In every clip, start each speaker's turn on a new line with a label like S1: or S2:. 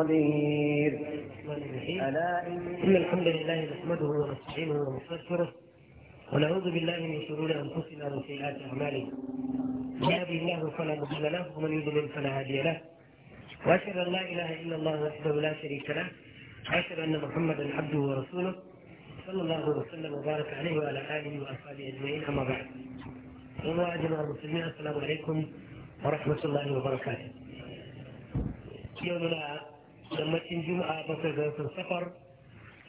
S1: الحمد لله نحمده ونستعينه ونستغفره ونعوذ بالله من شرور أنفسنا وسيئات أعمالنا من يهده الله فلا مضل له ومن يضلل فلا هادي له وأشهد أن لا إله إلا الله وحده لا شريك له وأشهد أن محمدا عبده ورسوله صلى الله وسلم وبارك عليه وعلى آله وأصحابه أجمعين أما بعد الله أجمع المسلمين السلام عليكم ورحمة الله وبركاته يومنا yammacin juma'a bakwai ga watan safar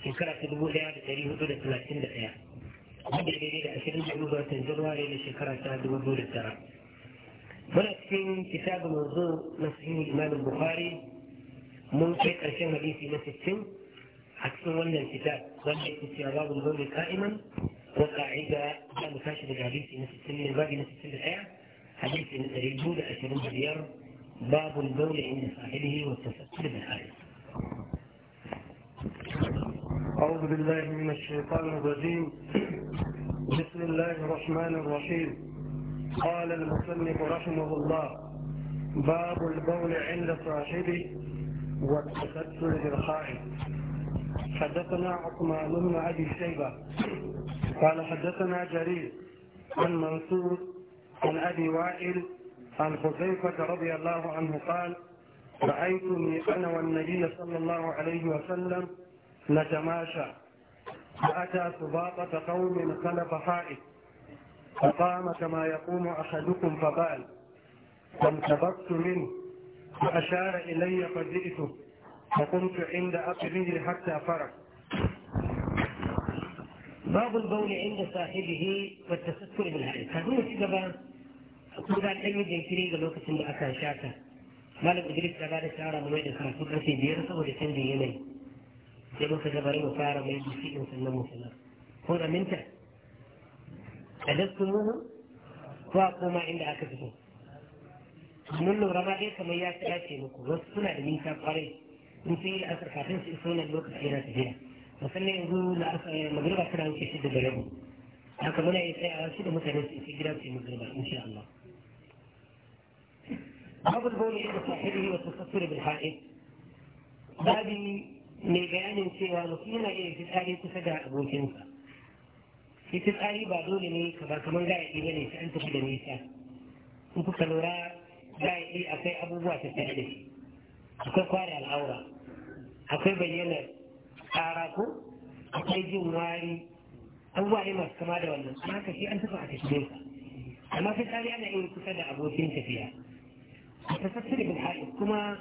S1: shekara ta dubu ɗaya da ɗari hudu da talatin da ɗaya wanda daidai da ashirin da ga watan januwari na shekara ta dubu biyu da tara muna cikin kitabu manzo na sahihu imamin bukhari mun kai ƙarshen hadisi na sittin a cikin wannan kitab wanda yake cewa babu zaune ka'iman wa ka'ida za mu tashi daga hadisi na sittin ne babi na sittin da ɗaya hadisi na ɗari biyu da ashirin da biyar باب البول عند صاحبه والتسكر
S2: بالحائط أعوذ بالله من الشيطان الرجيم بسم الله الرحمن الرحيم قال المسلم رحمه الله باب البول عند صاحبه والتكسل بالخائف حدثنا عثمان بن أبي شيبة قال حدثنا جرير عن منصور عن أبي وائل عن حذيفة رضي الله عنه قال رأيتني أنا والنبي صلى الله عليه وسلم نتماشى فأتى سباطة قوم خلف حائط فقام كما يقوم أحدكم فقال فانتبطت منه فأشار إلي فجئته فقمت عند أقره حتى فرق
S1: باب البول عند صاحبه والتستر بالحائط هذا كذا بقى كل ده يمكن كريم لوقت اللي أكان شاكه malam idris ta bada shawara mu mai da karatu karfe biyar saboda canjin yanayi sai muka ga bari mu fara mai da shiɗin sannan mu sanar ko da minta a daskun muhu ko a koma inda aka fito mun lura ma dai kamar ya ce muku wasu suna da nisa kwarai in sun yi asar kafin su iso nan lokaci yana tafiya musamman yanzu na magriba tana wuce shida da rabu haka muna yi tsayawa shida mutane su isa gida su yi magriba insha Allah باب البول عند صاحبه والتستر بالحائط بابي mai bayanin cewa mutum yana iya fitsari kusa da abokinsa fitsari ba dole ne ka ba kamar gaya ɗi an tafi da nisa in kuka lura gaya ɗi akwai abubuwa ta tare akwai kware al'aura akwai bayyana tsara ko akwai jin wari abubuwa ne kama da wannan haka shi an tafi a tafi nesa amma fitsari ana iya kusa da abokin tafiya ta kuma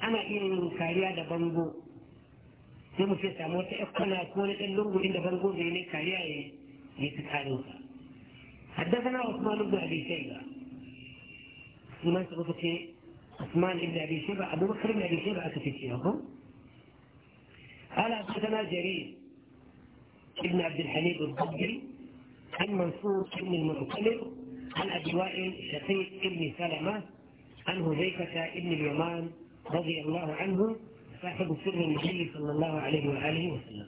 S1: ana iya yin kariya da bango sai mu sami wata ikona ko na ɗan lungu inda bango zai ne kariya ya yi ta karin sa haddasa na wasu malu da abin shaiba iman su kuka ce Usman ibn Abi Shayba Abu Bakr ibn Abi Shayba aka fice ya ko Ala sanan Jarir ibn Abd al-Hanib al-Dabbi عن منصور بن المعتمر عن أبي وائل شقيق بن عن هزيفة ابن اليمان رضي الله عنه صاحب سر النبي صلى الله عليه وآله وسلم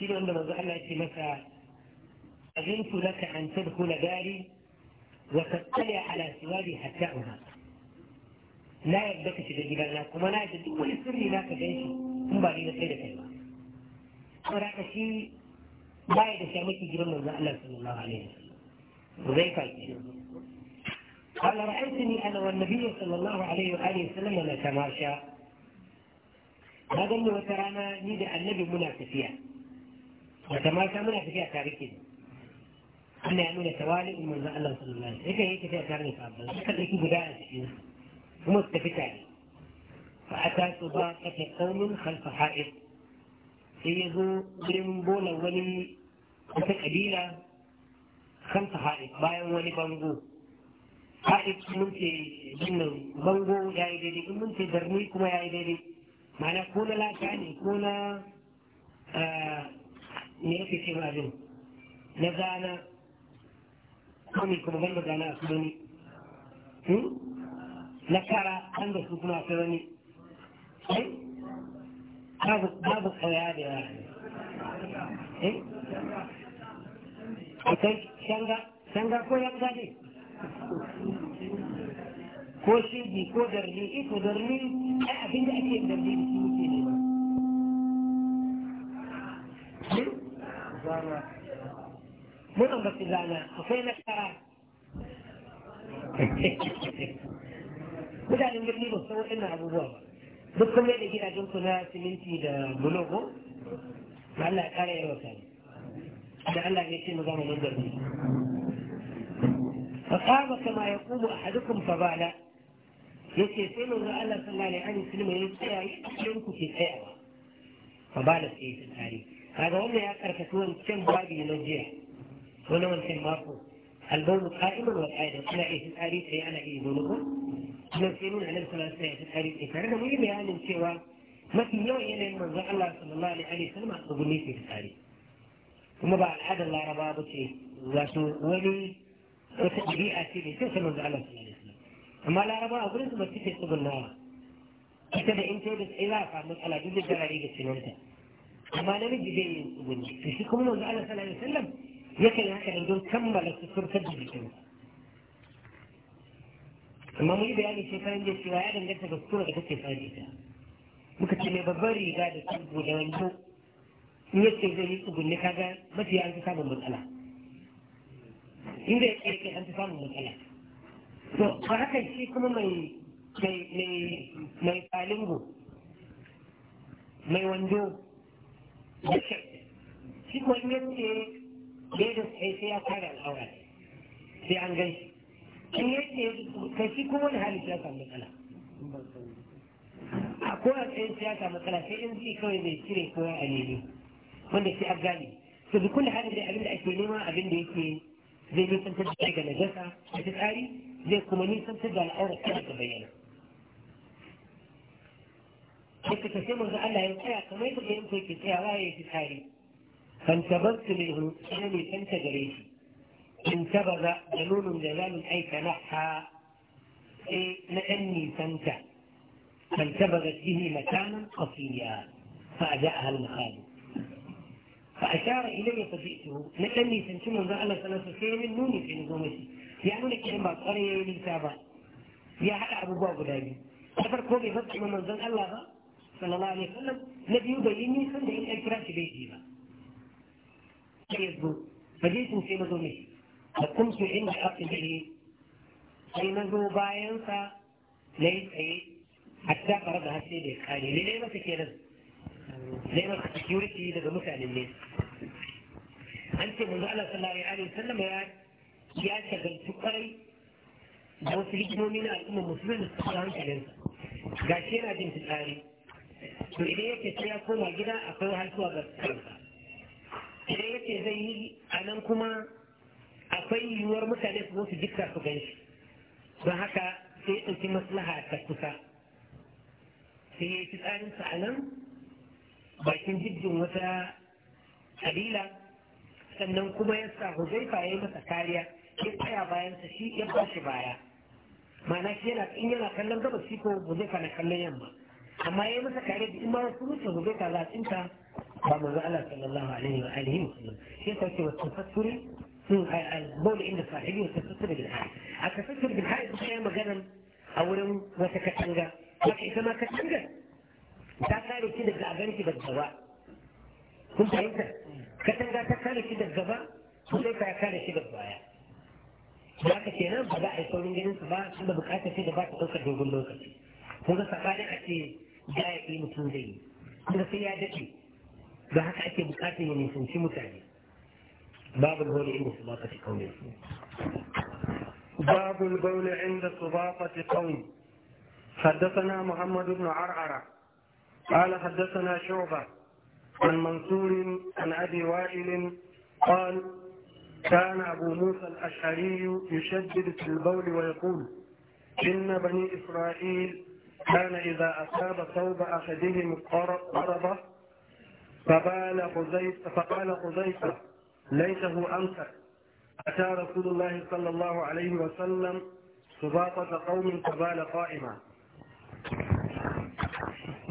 S1: شنو عندما قال لك مساء أذنت لك أن تدخل داري وتطلع على سوادي حتى أهاب لا يبدك تجيب لك وما لا يجد ولا سر لا بيشي ثم بعدين سيدة الله وراك شيء لا يدشامك جبن الله صلى الله عليه وسلم وزيك الكلمة قال رأيتني أنا والنبي صلى الله عليه وآله وسلم نتماشى هذا اللي وترانا نيجا النبي منافسيا نتماشى منافسيا تاريخي أنا أمين توالي من الله صلى الله عليه وسلم إذا هيك فيها كارني الله لقد إيكي بداية شيء مستفتاني فأتى سباقة قوم خلف حائط سيزو برمبولا ولي قبيلة خلف حائط بايا ولي بنغو haɗin mun ce jinnan bango ya yi daidai in mun ce darni kuma ya yi daidai ma'ana ko na lafiya ne ko na ne ah, yake ce ma abin na gana ko ne kuma ban da gana a su hmm? na kara an da su kuma a su eh? babu tsaya da yawa ne eh? akwai shanga shanga ko yanga ne ko shigi ko darni iko eh darni ai abin da ake darni da shi muke ne ba mun an gafi zana akwai nasara mutanen birni ba san waɗannan abubuwa ba duk kuma da gidajen ku na siminti da bulogo ba Allah ya kare yawa kare da Allah ya ce mu zama mun darni فقال كما يقول احدكم فبالا يسير في ذا الله صلى الله عليه وسلم يسير في سيئة فبالا سيئة الثاني هذا هو اللي اكثر كتوان كم بابي ينجيه هنا من كم مارفو البول قائما والعيدة كما إيه الثاني سيئانا إيه ذنوكم من على علم صلى الله عليه وسلم فرنا إيه مهم يعني سيوا ما في يوم يلي يعني من ذا الله صلى الله عليه وسلم أصبني في الثاني ثم بعد حد الله ربابك رسول ولي wata ɗabi'a ce mai kyau ta manzo Allah sallallahu alaihi wasallam amma laraba a gurin su ba take tsugunnawa ita da in ta da sai za a samu matsala duk da ta ga sinanta amma namiji bai yin tsugunni to shi kuma manzo Allah sallallahu alaihi wasallam yakan yi haka da don kammala suturtar da jikin amma mun yi bayani shekaran da cewa ya danganta ga sura da kake fari ta muka ce mai babbar riga da tsugu da wando in yace zai yi tsugunni kaga mafi an fi samun matsala inda ya ke an fi samun matsala to ba haka shi kuma mai mai
S2: mai wando da
S1: shi kuma in ya bai da sai sai ya kare al'aura sai an gan shi in yace kai shi kuma wani hali ya samu matsala a kowa tsayin siyasa matsala sai in ji kawai mai cire kowa a nemi wanda sai an gane to bi kulli da abin da ake nema abin da yake زي ما سنتج حاجة نجاسة هتتقالي زي الكومانية سنتج على أورا كده تبينة حتى كثير مرضى قال لها يوقع كمية الجيم في كتاة رأي تتقالي فانتبرت منه سامي تنتج ليه انتبر جنون جلال أي تنحى إيه، لأني تنتج فانتبرت به مكانا قصيا فأجاءها المخالف فأشار إلي فجئته نكني سنشم من ذلك ثلاثة شيء من نوني في نظومتي يعني لك إن بعد قرية يلي تابع يا حق أبو باب دابي أفر كوبي فتح من منزل الله صلى الله عليه وسلم نبي يبيني كان ده الفراش بيجي بقى يزبو فجئت في نظومتي فقمت عند حق به أي نظو باينسا ليس أي حتى قرضها السيد الخالي لليلة كده neman security daga mutanen ne an ce mun Allah sallallahu alaihi wasallam ya ya shagaltu kwarai da wasu hikimomi na al'umma musulmi da suka hankalin ga shi yana jin fitsari to idan yake sai ya koma gida akwai wahalsuwa ga kansa idan yake zai yi a nan kuma akwai yiwuwar mutane su su jikka su gan shi don haka sai ya ɗauki maslaha ta kusa sai ya yi fitsarinsa a nan bakin jirgin wata kabila sannan kuma ya sa huzaifa ya yi masa kariya ya tsaya sa shi ya bashi baya ma'ana shi yana in yana kallon gabas shi ko huzaifa na kallon yamma amma ya yi masa kariya duk ma wasu mutu huzaifa za a tsinta ba manzo Allah sallallahu alaihi wa alihi wa sallam shi ya sauke wasu tafassuri البول a صاحبه والتستر بالحائط التستر بالحائط magana a wurin wata katanga haka ita ma katanga. تاكاري كده زعبان كده الزواء كنت عيزة كتن قا تاكاري كده الزواء كله تاكاري كده الزواء لكن كنا بدا يقول لنا ان سبا سبا بكاتا في دبات توكا دي بقول لك هو سفارة كتي جاي في مسندي هو في عادتي ده حتى بكاتا من مسندي مسندي باب الهول عند سباقة قوم باب
S2: البول عند سباقة قوم حدثنا محمد بن عرعره قال حدثنا شعبة عن منصور عن أبي وائل قال كان أبو موسى الأشعري يشدد في البول ويقول إن بني إسرائيل كان إذا أصاب ثوب أحدهم قرضة فقال حذيفة فقال حذيفة ليته هو أمسك أتى رسول الله صلى الله عليه وسلم سباطة قوم فبال قائما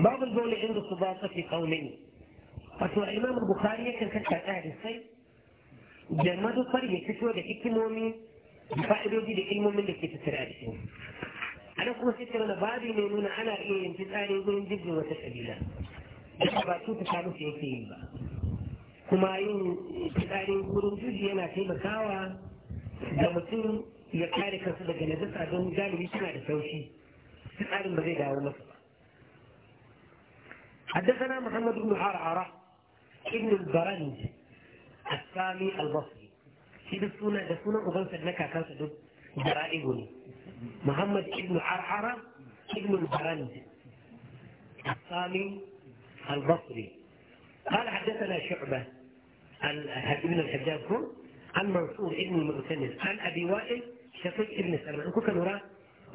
S1: babu dole inda su ba su fi kaunai wato imam bukhari yakan kakkaɗa da sai da manufar ya fito da hikimomi da fa'idodi da ilmomin da ke tattara a cikin a nan kuma sai ta wani babu ne nuna ana iya yin fitsari gurin jirgin wata kabila da ba su ta samu su yake yi ba kuma yin fitsari gurin jirgi yana taimakawa da mutum ya kare kansu daga nazarta don galibi suna da sauki fitsarin ba zai dawo masa حدثنا محمد بن عرعرة ابن البرنج السامي البصري في بسونا بسونا وغنسى لك كاسة جرائبني محمد ابن عرعرة ابن البرنج السامي البصري قال حدثنا شعبة ابن الحجاج عن منصور ابن المعتمر عن أبي وائل شقيق ابن سلمة أنكو كنورا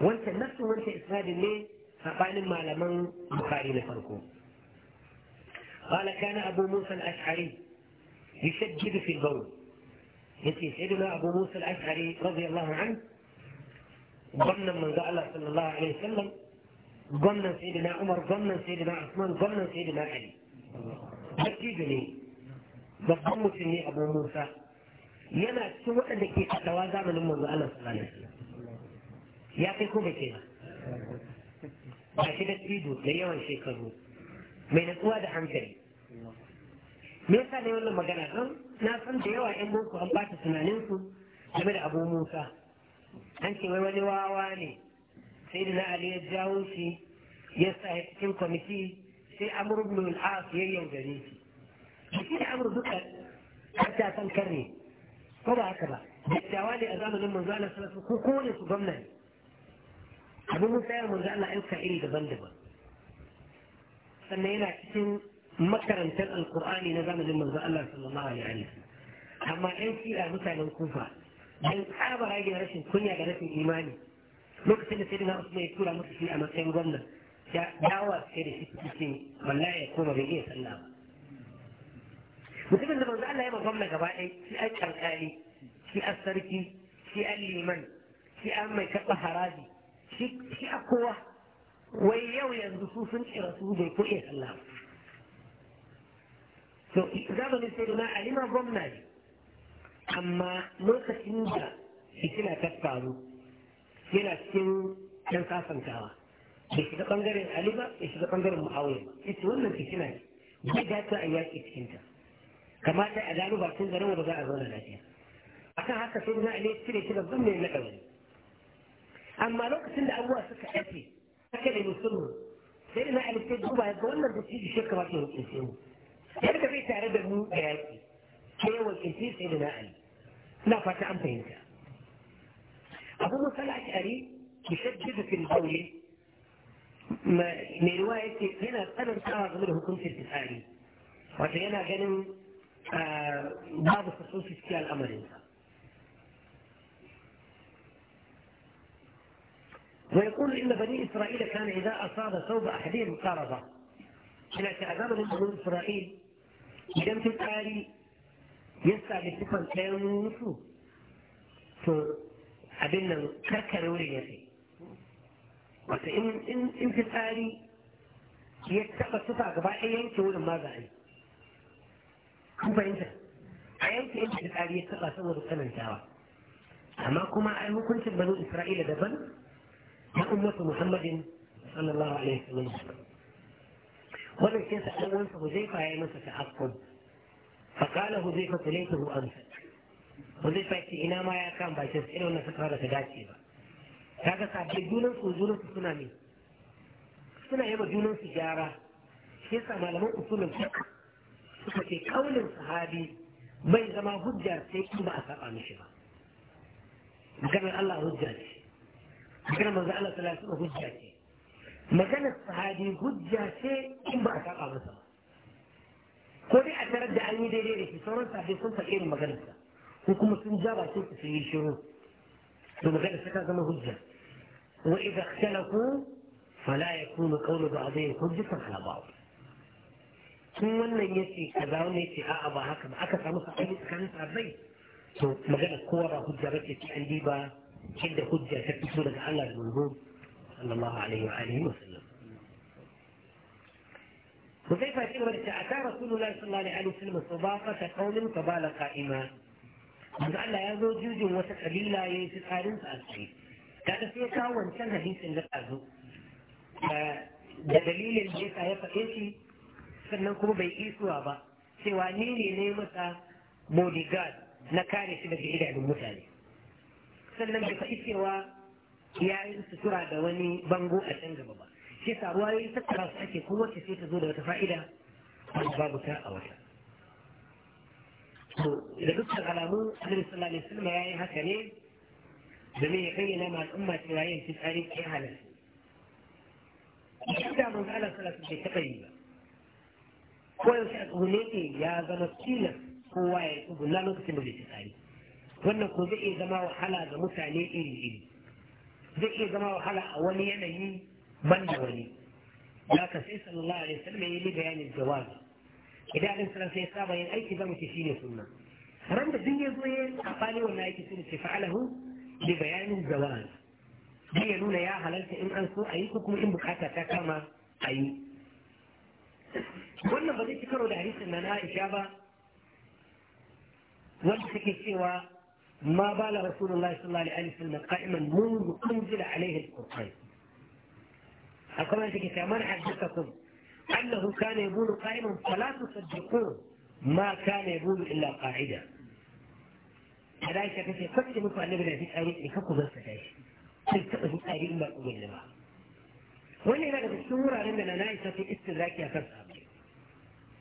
S1: وانت نفسه وانت إسناد ليه فقال ما لمن بخاري لفرقه قال كان أبو موسى الأشعري يشجد في البول سيدنا أبو موسى الأشعري رضي الله عنه ظنا من قال صلى الله عليه وسلم ظنا سيدنا عمر ظنا سيدنا عثمان ظنا سيدنا علي أجيبني بالضم سني أبو موسى يما سوى أنك تتوازى من أمه الله صلى الله عليه وسلم يعطيكم بكذا أشدت إيدو ليوان شيء كذوب mai natsuwa da hankali me yasa ne wannan magana don na san da yawa yan boko an bata tunaninsu game da abu musa an ce wai wani wawa ne sai da na ali ya jawo shi ya sa ya cikin kwamiti sai amur ibn al-as ya yaudare shi shi da amur duka ta san karne ko ba haka ba dattawa ne a zamanin manzo Allah sallallahu alaihi wasallam ko kowane su gwamnati abu musa ya manzo Allah ayyuka iri daban-daban sannan yana cikin makarantar alkur'ani na zamanin manzo Allah sallallahu alaihi wa amma ɗan a mutanen kufa dan tsaba rage rashin kunya da rashin imani lokacin da sai dina Usman ya tura musu shi a matsayin gwamna ya dawa sai da shi cikin wallahi ya koma bai iya sallah ba mutumin da manzo Allah ya ma gwamna gaba ɗaya shi an kankali shi an sarki shi an liman shi an mai karɓar haraji shi a kowa wai yau yanzu su sun kira su bai iya sallah to zamanin sai na alima gwamna ne amma lokacin da fitina ta faru yana cikin ɗan sasantawa bai shiga ɓangaren alima ba bai shiga ɓangaren muawiya ita wannan fitina ne bai dace a yaƙi cikinta kamata a gano ba cin garin ba za a zauna lafiya akan haka sai na alima cire shi gwamna mai naɗa wani amma lokacin da abubuwa suka ɗafe كده يوصلهم سيدنا قال كده هو هيتجوزنا بتيجي شكرا في الانسان يرجع يعني في تعريض المو جاكي هو الانسان سيدنا قال لا فاتا انت انت ابو موسى الاشعري جدا في القول من روايه هنا انا استعرض منه كنت التسالي وكان انا جنن آه، بعض الخصوص في الامر انسان ويقول إن بني إسرائيل كان إذا أصاب ثوب أحدهم قرضة إلى تعذب بني إسرائيل لم تتعالي يسعى بسفا كان نفو فأبنا كركر وريته وإن إن تتعالي يتقى السفا قبائل ينكي ولم ماذا عنه كم فإنسا أيمكن أن تتعالي يتقى سوى ركنا أما كما أنه كنت بني إسرائيل دبن na ummatu muhammadin sallallahu alaihi wasallam wannan ke sa dan wansa huzaifa yi masa ta'aqqub fa qala huzaifa tulaytuhu amsa huzaifa ce ina ma ya kan bakin sai wannan suka da ta dace ba kaga sabbin junan su junan su suna ne suna yaba junan su gyara shi yasa malaman usulun suka ce kaulin sahabi bai zama hujjar sai in ba a saba mishi ba maganar Allah hujjar. ce غير مزعله ثلاثه حجاج مكان الصحابي حجاج شيء ان بقى قال مثلا كوري اترد عني ديري في صور صاحب صوت فقير مغرسه حكم سنجابه شوف في الشروط ثم غير سكا كما حجة وإذا اختلفوا فلا يكون قول بعضهم حجة على بعض ثم أن يسي كذا وأن يسي أبا هكذا أكثر مصر أمي سكان سعبي ثم غير حجة بكي عندي بقى yadda hujja ta fito daga Allah da manzo sallallahu alaihi wa alihi wa sallam وكيف تمر أتى رسول الله صلى الله عليه وسلم استضافة قوم فبال قائما manzo Allah ya zo jirgin wata kabila ya yi fitsarin sa a tsaye kaga sai kawo wancan hadisin da ka zo da dalilin da yasa ya faɗe shi sannan kuma bai isuwa ba cewa ni ne ne masa bodyguard na kare shi daga idanun mutane sannan bai faɗi cewa ya yi sutura da wani bango a can gaba ba shi yasa ruwa ya yi tattara su ake kowace sai ta zo da wata fa'ida wanda babu ta a wata to da dukkan alamu annabi sallallahu alaihi wasallam ya yi haka ne domin ya bayyana ma al'umma cewa yin fitsari ke halal idan da manzo Allah sallallahu alaihi wasallam bai ba ko yaushe a tsugume ya zama tilas kowa ya tsuguna lokacin da bai fitsari wannan ko zai iya zama wahala ga mutane iri iri zai iya zama wahala a wani yanayi ban da wani ya ka sai sallallahu alaihi wasallam ya yi bayanin jawabi idan alaihi salam sai saba yin aiki zamu ce shine sunna ran da duk ya zo ya tsafani wannan aiki sun ce fa'alahu bi bayanin jawabi dai ya nuna ya halarta in an so a yi ko kuma in bukata ta kama a yi wannan ba zai ci karo da hadisin na na Aisha ba wanda take cewa ما بال رسول الله صلى الله عليه وسلم قائما منذ انزل عليه القران في كتاب من حدثكم أنه كان يقول قائما فلا تصدقون ما كان يقول إلا قاعدة فلايك كثير كنت مكو أن نبدأ في آيات لككو بس ايش تلتقوا في آيات ما أقول لما وإن هذا بالسورة لأننا نعيش في استدراك يا فرس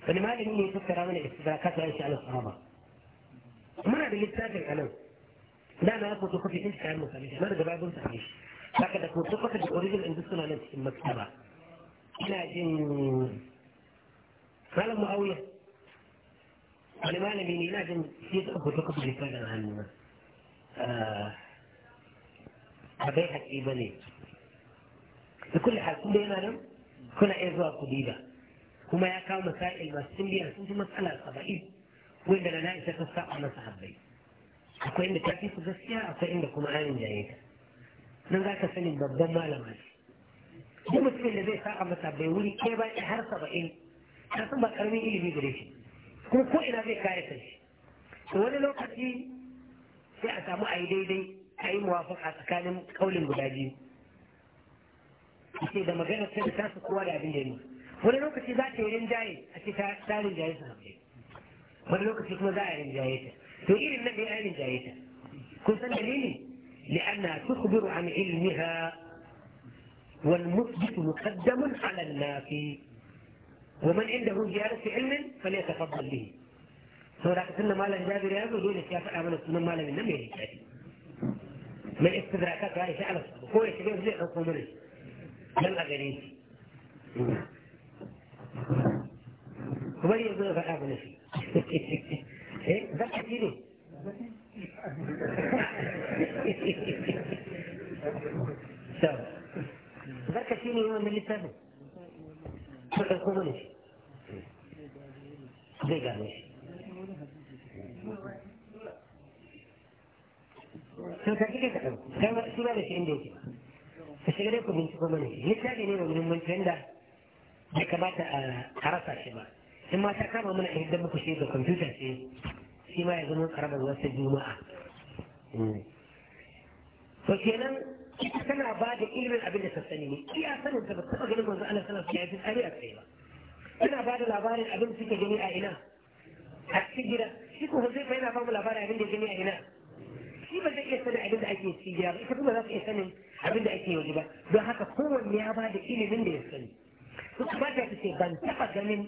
S1: فلماذا مني يفكر من الاستدراكات وإن شاء الصحابة ما هذا اللي أنا لا يكون ثقة في إنشاء المثالية ما رجب عبون تعيش لكن يكون ثقة في الأوريجن إندستوناليتي المكتبة لكن قال معاوية قال ما لم يني لكن يدخل ثقة في الكلام عن آه... أبيها الإيماني بكل حال كل هنا لم كنا إيزوا قديدة هما يكاو مسائل ما سنبيا سنسي مسألة الصبعين وإننا نائسة تستطيع مسألة بيت akwai inda ta fi su gaskiya akwai inda kuma ayin jaye ta nan za ka sani babban malama ne duk mutumin da zai sa'a masa bai wuri ke ba har saba'in ta san ba karamin ilimi gare shi kuma ko ina zai kare ta shi to wani lokaci sai a samu a yi daidai a yi muwafaka tsakanin kaulin guda biyu ce da magana sai da su kowa da abin da ne wani lokaci za ta yi rinjaye a ce ta rinjaye su wani lokaci kuma za a rinjaye ta تؤير النبي آل جائزة كنت دليلي لأنها تخبر عن علمها والمثبت مقدم على النافي ومن عنده زيادة علم فليتفضل به سورة سنة مالا جابر يا أبو دون الشافع عمل سنة مالا من نمي من استدراكات هاي شعر هو يشبه زي حكومني لم أغنيه ومن يضيف أبو نفسي eh za ka ne za ka ci ne wannan littafin
S2: ka ɗauko mana shi zai gane shi to ka kike ka ɗauko kai ma su ba da shi inda yake
S1: ka shiga dai ku binciko mana ne muhimmanci wanda ya kamata a rasa shi ba in ma ta kama mana a yadda muku shi da kwamfuta ce shi ma ya zama karamar wata juma'a hmm. to kenan ita tana ba da ilimin abin da ta sani ne iya sanin ta ba taɓa ganin wanzu ana sanar alaihi wasallam ya fi a kai ba tana ba da labarin abin da suke gani a ina a cikin gida shi ko zai bayyana ba mu labarin abin da gani a ina shi ba zai iya sanin abin da ake ci ba ita kuma za ta iya sanin abin da ake waje ba don haka kowanne ya ba da ilimin da ya sani su ba ta ce ban taɓa ganin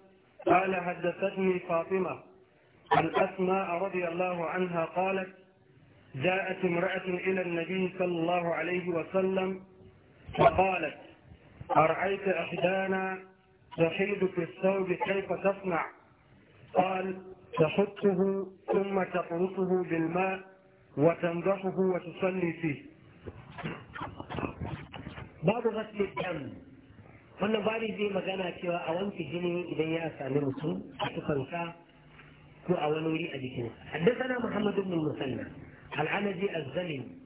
S2: قال حدثتني فاطمة عن أسماء رضي الله عنها قالت جاءت امرأة إلى النبي صلى الله عليه وسلم فقالت أرعيت أحدانا تحيد في الثوب كيف تصنع قال تحطه ثم تطرسه بالماء وتنضحه وتصلي فيه
S1: بعد غسل الدم wannan bari zai magana cewa a wanke jini idan ya sami mutum a tufansa ko a wani wuri a jikin haddasana muhammad ibn musanna al'anaji az-zalim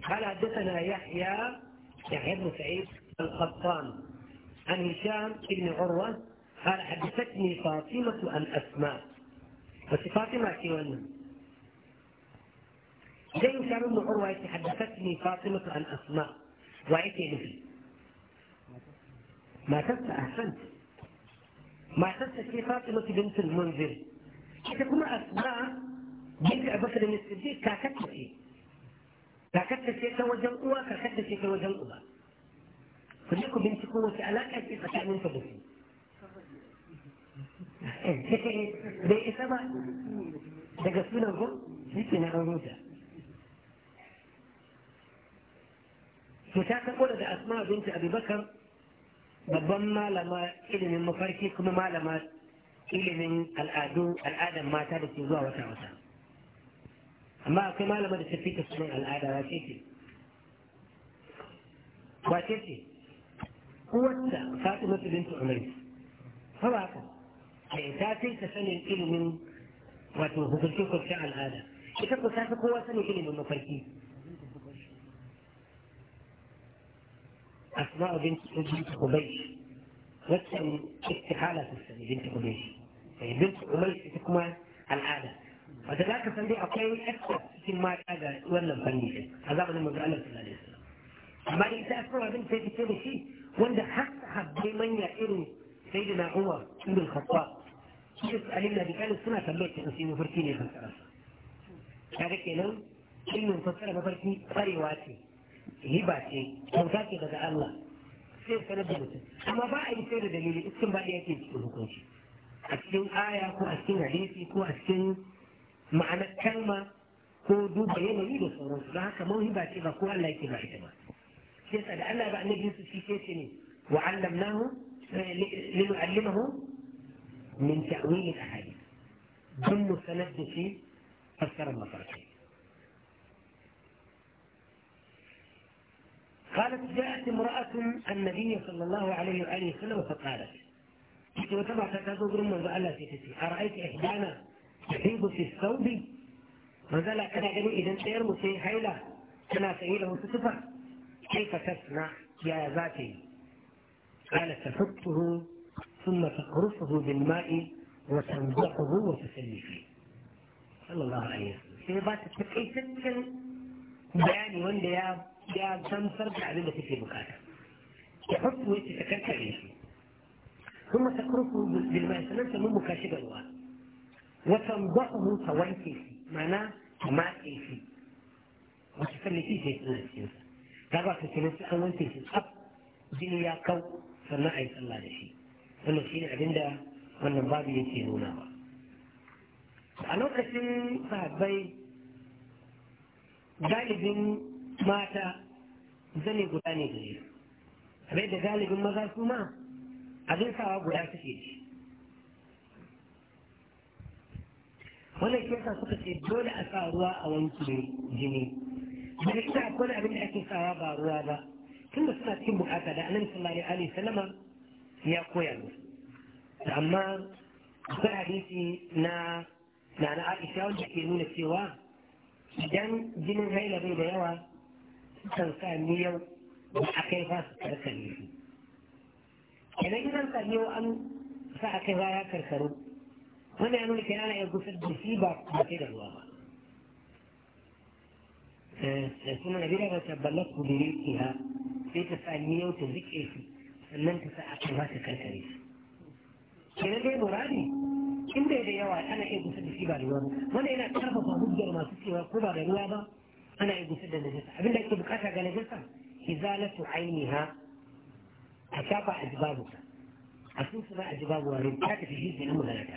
S1: قال حدثنا يحيى يحيى بن سعيد القطان عن هشام بن عروه قال حدثتني فاطمه عن اسماء بس فاطمه كيوانا زي هشام بن عروه حدثتني فاطمه عن اسماء وعيتي نفسي ما أعتدت أحسنت ما أعتدت في فاطمة بنت المنزل كتكما أسماء بنت أبسل من السبيل كاكتت فيه كاكتت فيه كوجل أوا كاكتت فيه كوجل أوا فليكو بنت كوة ألاك أي فتاة من فضوسي
S2: دي إسماء دقسونا الغم ذكنا الروجة
S1: فتاة أولد أسماء بنت أبي بكر babban malama ilimin mafarki kuma malama ilimin al'adu al'adan mata da ke zuwa wata wata amma akwai malama da ta fi ta sunan al'ada wace ce wace ce uwarta fatima bintu umari fa ba haka ta fi ta sanin ilimin wato hukuncin kwanciyar al'ada ita ko ta fi kowa sanin ilimin mafarki أسماء بنت بنت قبيش وتسأل استحالة تسأل بنت قبيش بنت قبيش تكما العادة وتذاك سندي أقوي أكثر في ما هذا ولا فنيش هذا من المزعلة صلى الله عليه وسلم أما إذا أسماء بنت سيد الشيء وند حتى حبي من يأري سيدنا عمر بن الخطاب كيف يسأل الذي كان السنة تبيت في مفرسين خمس أرسل هذا كلام علم فسر مفرسين قريواتي هباتي كوتاتي ان الله سير سند مسلم أما با أي سير دليل إسم با يأتي إسم هكوشي أسين آية كو أسين حديثي كو أسين معنى كلمة كو دوبا ينوي دو صورو لها كمو هباتي غكو الله يتبع إسمه سير سند الله با نبي سي سيسيني وعلمناه لنعلمه من تأويل الأحاديث ضم سند في أكثر المفاتيح قالت جاءت امرأة النبي صلى الله عليه وآله وسلم فقالت كنت وتبع تتذكر من بألا في تسي أرأيت إحدانا تحيض في الثوب وذلا كان جميع إذا سير مسيح حيلة كان سيله ستفر كيف تصنع يا ذاتي قالت تحطه ثم تقرصه بالماء وتنضحه وتسلي فيه صلى الله عليه وسلم في بات تكي تكن بياني وان ya san da abin da kake bukata ya hukku yake ta kankare shi kuma ta kurku bilmai sanar ta mun shi da ruwa watan ba'uhu ta wanke shi mana ta matse shi wata sanar shi ta yi tsanar shi ta ba ta kira an wanke shi tsaf jini ya kau sannan a yi da shi wannan shi ne abin da wannan babu yake nuna ba a lokacin sahabbai galibin mata zane guda ne da shi da galibin maza su ma abin sawa guda suke ci wannan ke sa suka ce dole a sa ruwa a wanki jini daga ita akwai abin da ake sawa ba ruwa ba tun da suna cikin bukata da annabi sallallahu alaihi wasallam ya koya musu amma akwai hadisi na na Aisha wanda ke nuna cewa idan jinin haila bai da yawa kan sa miyau da akai ba su karkare shi idan gidan sa miyau an sa akai ba ya karkaru wanda ya nuna kenan ya gusar da shi ba ba sai da ruwa ba eh, da kuma na bira ba ta balaku da yake ha sai ta sa miyau ta zike shi sannan ta sa akai ba ta karkare shi kenan dai muradi in bai da yawa ana iya kusa da shi ba da ruwa ba. wanda yana karfafa hujjar masu cewa ko ba da ruwa ba أنا ابن سيدة نجسة أقول لك تبقاتها قال نجسة إزالة عينها أشابع أجبابك أشوف ما أجباب وارين كاك في جيد من أمه لك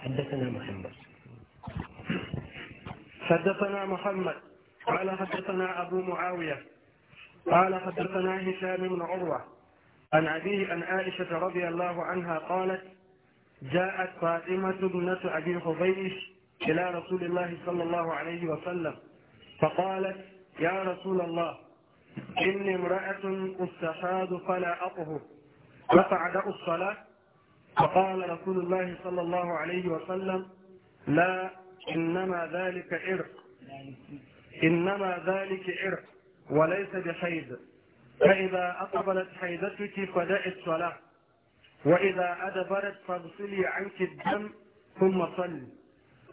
S2: حدثنا محمد حدثنا محمد قال حدثنا أبو معاوية قال حدثنا هشام بن عروة عن أبيه عن عائشة رضي الله عنها قالت جاءت فاطمة ابنة أبي حبيش إلى رسول الله صلى الله عليه وسلم فقالت يا رسول الله إني امرأة أستحاد فلا أطهر رفع الصلاة فقال رسول الله صلى الله عليه وسلم لا إنما ذلك إرق إنما ذلك إرق وليس بحيد فإذا أقبلت حيدتك فدعي الصلاة وإذا أدبرت فاغسلي عنك الدم ثم صلي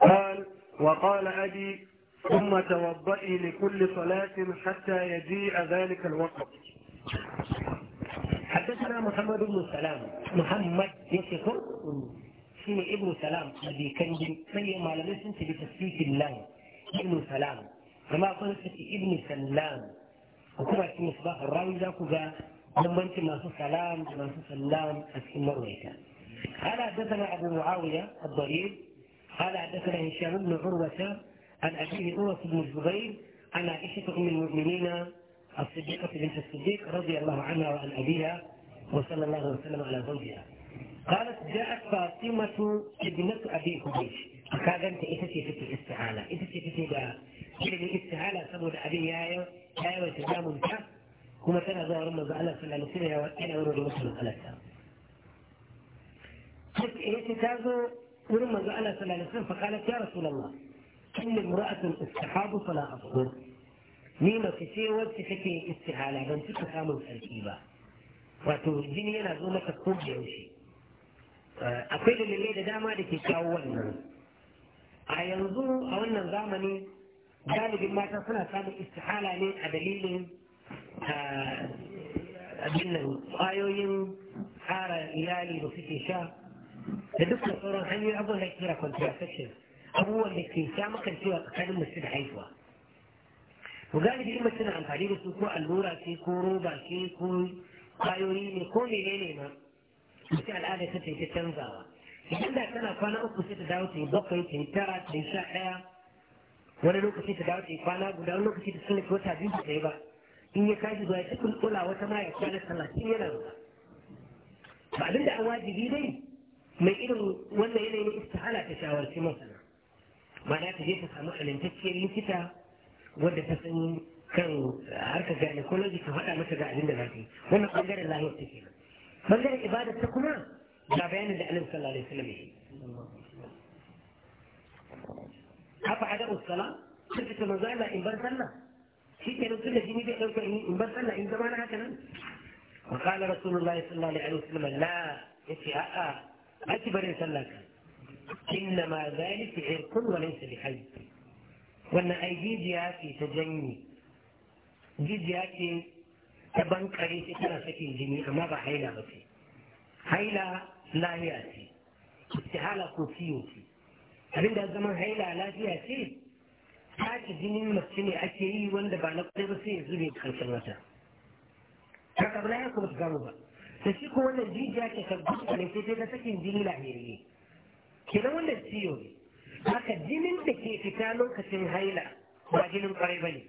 S2: قال وقال أبي ثم توضئي لكل صلاة حتى يجيء ذلك الوقت حدثنا محمد بن سلام محمد
S1: يسكر شيء ابن سلام الذي كان سيء ما لم بتسليك الله ابن سلام كما قلت ابن سلام وكما في مصباح الراوي ذاك بمبنتي ما سلام ما سلام أسكن مرويتا قال حدثنا أبو معاوية الضرير قال حدثنا هشام بن عروة عن أبيه اوس بن الزبير عن عائشة أم المؤمنين الصديقة بنت الصديق رضي الله عنها وعن أبيها وصلى الله وسلم على زوجها قالت جاءت فاطمة ابنة أبي قبيش فقال أنت إتسي في الاستعالة إتسي في الاستعالة سبب أبي يا يا وتجامل kuma tana zuwa wurin manzo Allah sallallahu alaihi wasallam yana warware masa matsalarta yace ta zo wurin manzo Allah sallallahu alaihi wasallam fa qalat ya rasulullah kullu imra'atin istihabu fala asbur ni mace ce wacce take istihala ban cika samun sarki ba wato jini yana zo maka ko da yaushe akwai dalilai da dama da ke kawo wannan a yanzu a wannan zamani galibin mata suna samun istihala ne a dalilin abin nan ƙwayoyin iyali da suke sha da duk da sauran hanyoyin abin da kira contraception abubuwan da ke sha makan cewa tsakanin mace da haihuwa to galibi in mace na amfani da su ko allura ce ko roba ce ko ƙwayoyi ne ko menene ma sai al'ada ta ce ta canzawa idan da tana kwana uku sai ta dawo ta yi bakwai ta yi tara ta yi sha ɗaya wani lokaci ta dawo ta yi kwana guda wani lokaci ta sun wata biyu ta yi ba in ya kaji zuwa ya kun kula wata ma ya kwana sallah shi yana zuwa ba abin da an wajibi dai mai irin wannan yanayin istihala ta shawarci masana ba za ta je ta samu alintacciyar likita wadda ta san kan harkar gynecology ta faɗa mata ga abin da za ta yi wannan ɓangaren lahiyar ta kenan ɓangaren ibadar ta kuma ga bayanin da annabi sallallahu alaihi wasallam ya yi haka ada usala sai ta manzo Allah in bar sallah وقال رسول الله صلى الله عليه وسلم لا يفي آآ أكبر إنسان لك إنما ذلك عرق وليس بحي وأن أي جيجي آتي تجني جيجي آتي تبنك عليك ترى سكين جميع ما بحيلا بفي حيلا لا يأتي استحالة كوفي وفي هل إنها زمان حيلا لا يأتي sake jinin mace ne ake yi wanda ba na kudai ba sai ya zube karshen wata haka ba ya kuma gamu ba da shi ko wannan jijiya ke tabbata ne sai ta sakin jini lahiriye kenan wannan ciwo ne haka jinin da ke fita lokacin haila ba jinin kwarai ba ne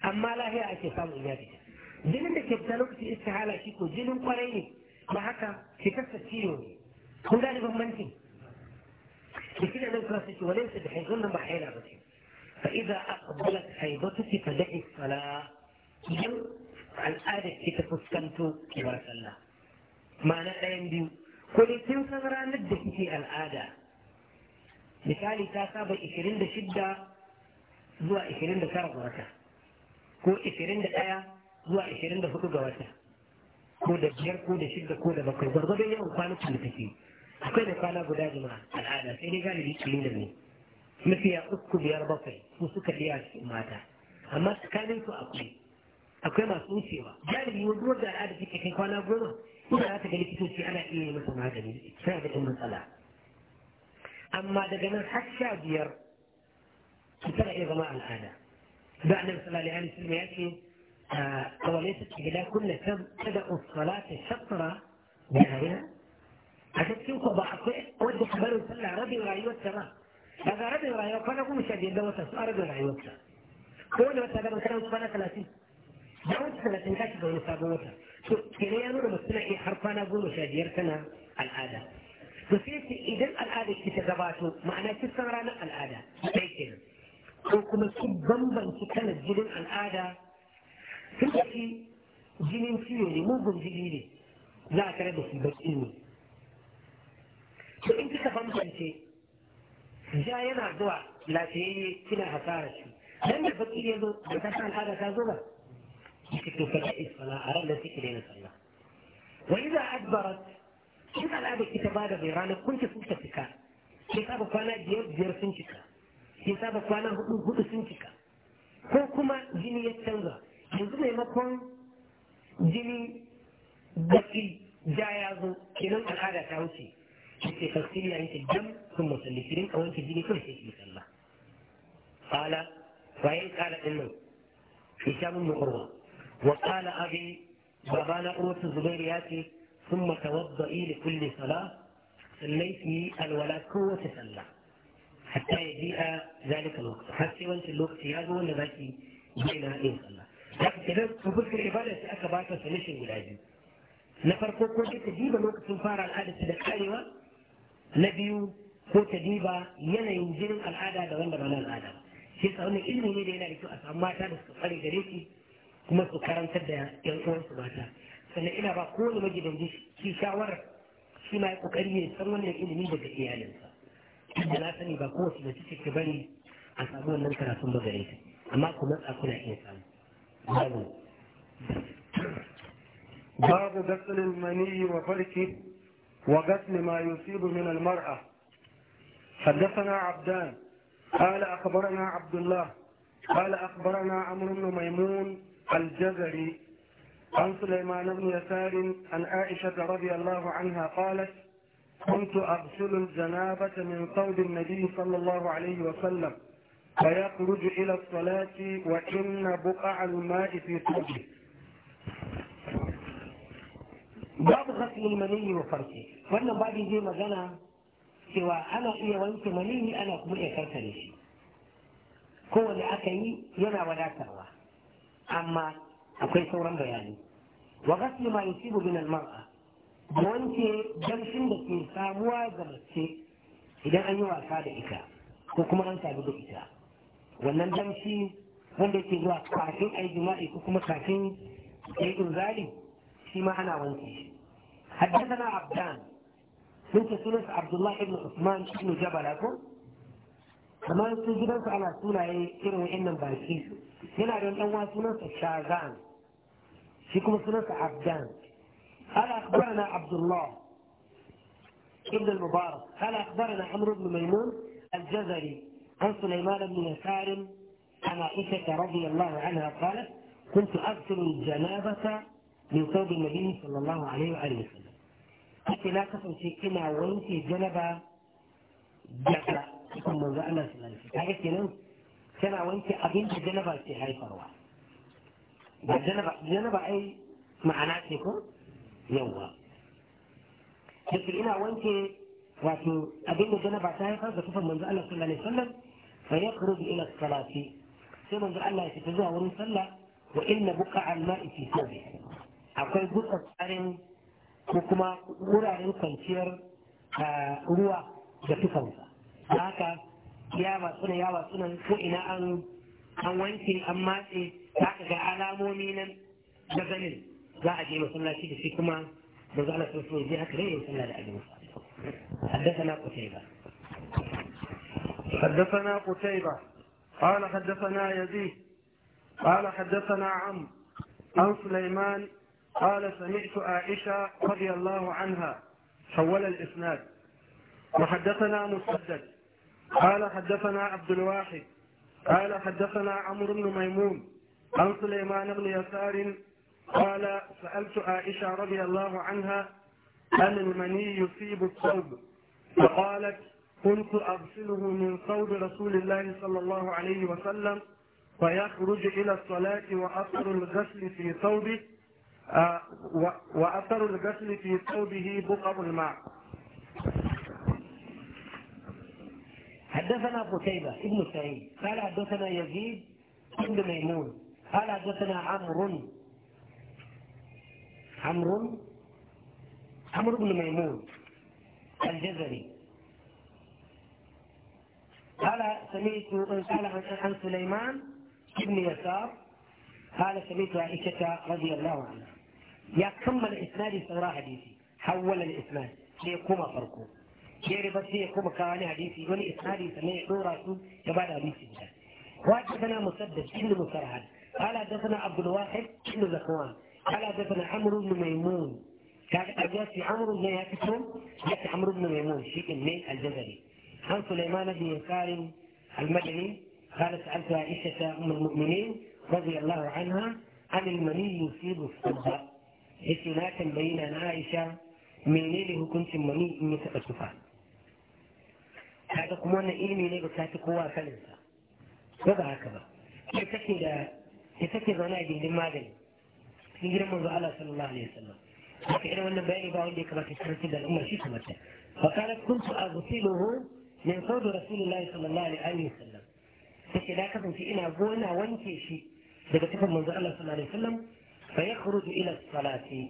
S1: amma lahiya ake samu in ya fita jinin da ke fita lokacin hala shi ko jinin kwarai ne ba haka fitarsa ciwo ne kun gane bambancin تفيد نفسك وليس بحيظن محيلة بك فإذا أقبلت حيظتك فدعي الصلاة يجب عن آدة كتف سكنت كبار سلا ما نتعين بي كل سن صغرى ندك في الآدة مثالي تاسابة إكرين دا شدة زوا إكرين دا سارة غرطة كو إكرين دا آية زوا إكرين دا فتو غرطة كو دا جير كو دا شدة كو دا بكر غرطة بيه وفانو تنتكي أكيد قال أبو داجما العادة إني قال لي من دمي مثل أكل يا ربفي وسك لي أشي ماذا أما كانت أكل أكل ما سوسي وا قال لي وجود برد العادة في كيف قال أبو ما إذا أنت قال لي سوسي أنا إيه مثلا هذا لي سيد المسألة أما دجما حتى بير ترى يا جماعة العادة بعد مثلا لأن سلمي أشي آه وليس كل كم تبدأ الصلاة شطرة بهذا يعني a cikin ku ba akwai wanda ka barin sallah rabin rayuwarta ba daga rabin rayuwa kwana goma sha biyar da wata su a rabin rayuwarta ko wanda wata daga kana kwana talatin da wata talatin ka shiga wani sabon wata to kenan ya nuna mutum na iya har kwana goma sha biyar tana al'ada to sai ce idan al'ada ki ta gabato ma'ana ki san ranar al'ada ɗaya nan, ko kuma ki bambanci kalar jinin al'ada sun ɗauki jinin ciwo ne mugun jini ne za a kare da shi baki ne to in kika bambance ja yana zuwa lafiyayye kina hasara shi dan da baki ya zo da ta san hada ta zo ba kike to kada isfala a ran da kike daina sallah wa idza adbarat kin al'ada ki ta bada bai ranar kun ki fuka fika ki saba kwana biyar biyar sun cika ki saba kwana hudu hudu sun cika ko kuma jini ya canza yanzu maimakon jini baki ja ya zo kenan al'ada ta wuce شكي تغسلي أنت يعني الدم ثم تسلسلين أو أنت تديني كل شيء بك الله قال وإن قال إنه هشام بن عروة وقال أبي بابانا عروة الزبير ياتي ثم توضئي لكل صلاة سليتي الولاة قوة صلاة حتى يجيء ذلك الوقت حتى وانت الوقت يا ولا النباتي جينا إن صلاة لكن إذا تقول العبادة سأكبر فسليش الولاجي نفرقوا كل شيء تجيب الوقت lokacin fara al'adar da na biyu ko ta diba yanayin jinin al'ada da wanda ba na al'ada shi sa wannan ilimi ne da yana da kyau a samu mata da suka fare gare shi kuma su karantar da yan uwansu mata sannan ina ba kowane magidanci shi shawarar shi ma ya kokari ne san wannan ilimi daga iyalinsa da na sani ba kowace mace ce ta bari a samu wannan karatun ba gare ta amma ku matsa kuna iya samu
S2: babu babu gasalin mani wa farki وقتل ما يصيب من المرأة حدثنا عبدان قال أخبرنا عبد الله قال أخبرنا عمرو بن ميمون الجزري عن سليمان بن يسار عن عائشة رضي الله عنها قالت كنت أغسل الجنابة من صوب النبي صلى الله عليه وسلم فيخرج إلى الصلاة وإن بقع الماء في ثوبه babu ghaslul maniyyi wa farce,
S1: wannan babin zai magana cewa ana iya wanke maniyyi ana kuma iya karkare shi kowane aka yi yana wadatarwa amma akwai sauran bayani wa gasi ma yi min binan mara wanke damshin da ke samuwa ga mace idan an yi wasa da ita ko kuma an sadu da ita wannan damshi wanda ke zuwa kafin a yi jima'i ko kuma kafin ya yi في معنى وانتي حدثنا عبدان من سنه عبد الله بن عثمان بن جبل أكون كما سجدنس على سنة إيرو إيه؟ إنن باشيسو هنا رأينا أنواع سنس الشاغان فيكم سنه عبدان قال أخبرنا عبد الله ابن المبارك قال أخبرنا عمرو بن ميمون الجزري عن سليمان بن يسار عن عائشة رضي الله عنها قالت كنت أغسل الجنابة من ثوب النبي صلى الله عليه وآله وسلم حتى لا كفن شيء كنا وانت جنبا جسر كم من ذا الله صلى الله عليه وسلم كنا وينتي أبين جنبا في هاي فروع جنبا جنبا أي معنى تكون يوا لكن وانت واتو أبين جنبا في هاي فروع كم من ذا الله صلى الله عليه وسلم فيخرج إلى الصلاة سيما ذا الله يتزوى وإن بقع الماء في ثوبه akwai gutsa tsarin ko kuma wuraren kwanciyar ruwa da tufansa da haka ya masu nan ya watsu nan ko ina an an wanke an matse za ka ga alamomi nan da ganin za a je masallaci da shi kuma da za a so so je haka ne sallah
S2: da ajin حدثنا قتيبة حدثنا قتيبة قال حدثنا يزيد قال حدثنا عم عن سليمان قال سمعت عائشة رضي الله عنها حول الإسناد وحدثنا مسدد قال حدثنا عبد الواحد قال حدثنا عمرو بن ميمون عن سليمان بن يسار قال سألت عائشة رضي الله عنها أن المني يصيب الثوب فقالت كنت أغسله من ثوب رسول الله صلى الله عليه وسلم فيخرج إلى الصلاة وأثر الغسل في ثوبه آه، وأثر الغسل في ثوبه بقع الماء حدثنا
S1: قتيبة ابن سعيد قال حدثنا يزيد ابن ميمون قال حدثنا عمرو عمرو عمرو بن ميمون الجزري قال سمعت قال عن سليمان بن يسار قال سمعت عائشة رضي الله عنها يا كم الإسناد صغرى حديثي حول الإسناد شيء كما فرقه شيء ربط شيء كما كان حديثي ولي إسناد سمي دورا كبار يبعد حديثي جدا واجتنا مسدد ابن مسرحد قال دفنا عبد الواحد ابن زخوان قال دفنا عمرو بن ميمون كان أجاسي عمرو بن يأتكم يأتي عمرو بن ميمون شيء من الجزري عن سليمان بن يسار المدني قال سألت عائشة أم المؤمنين رضي الله عنها عن المني يصيب الصدق yace na tambayi na Aisha menene hukuncin mani in ya taɓa tufa kaga kuma wannan ilimi ne ba ta fi kowa sanin ko ba haka ba sai take da take zaune a gindin magani cikin gidan manzo Allah sallallahu alaihi wasallam haka irin wannan bayani ba wanda ya kamata ya san da al'umma shi kamar ta fa kana kuntu aghsiluhu min sawd rasulillahi sallallahu alaihi wasallam take da kasance ina gona wanke shi daga tufan manzo Allah sallallahu alaihi wasallam فيخرج إلى الصلاة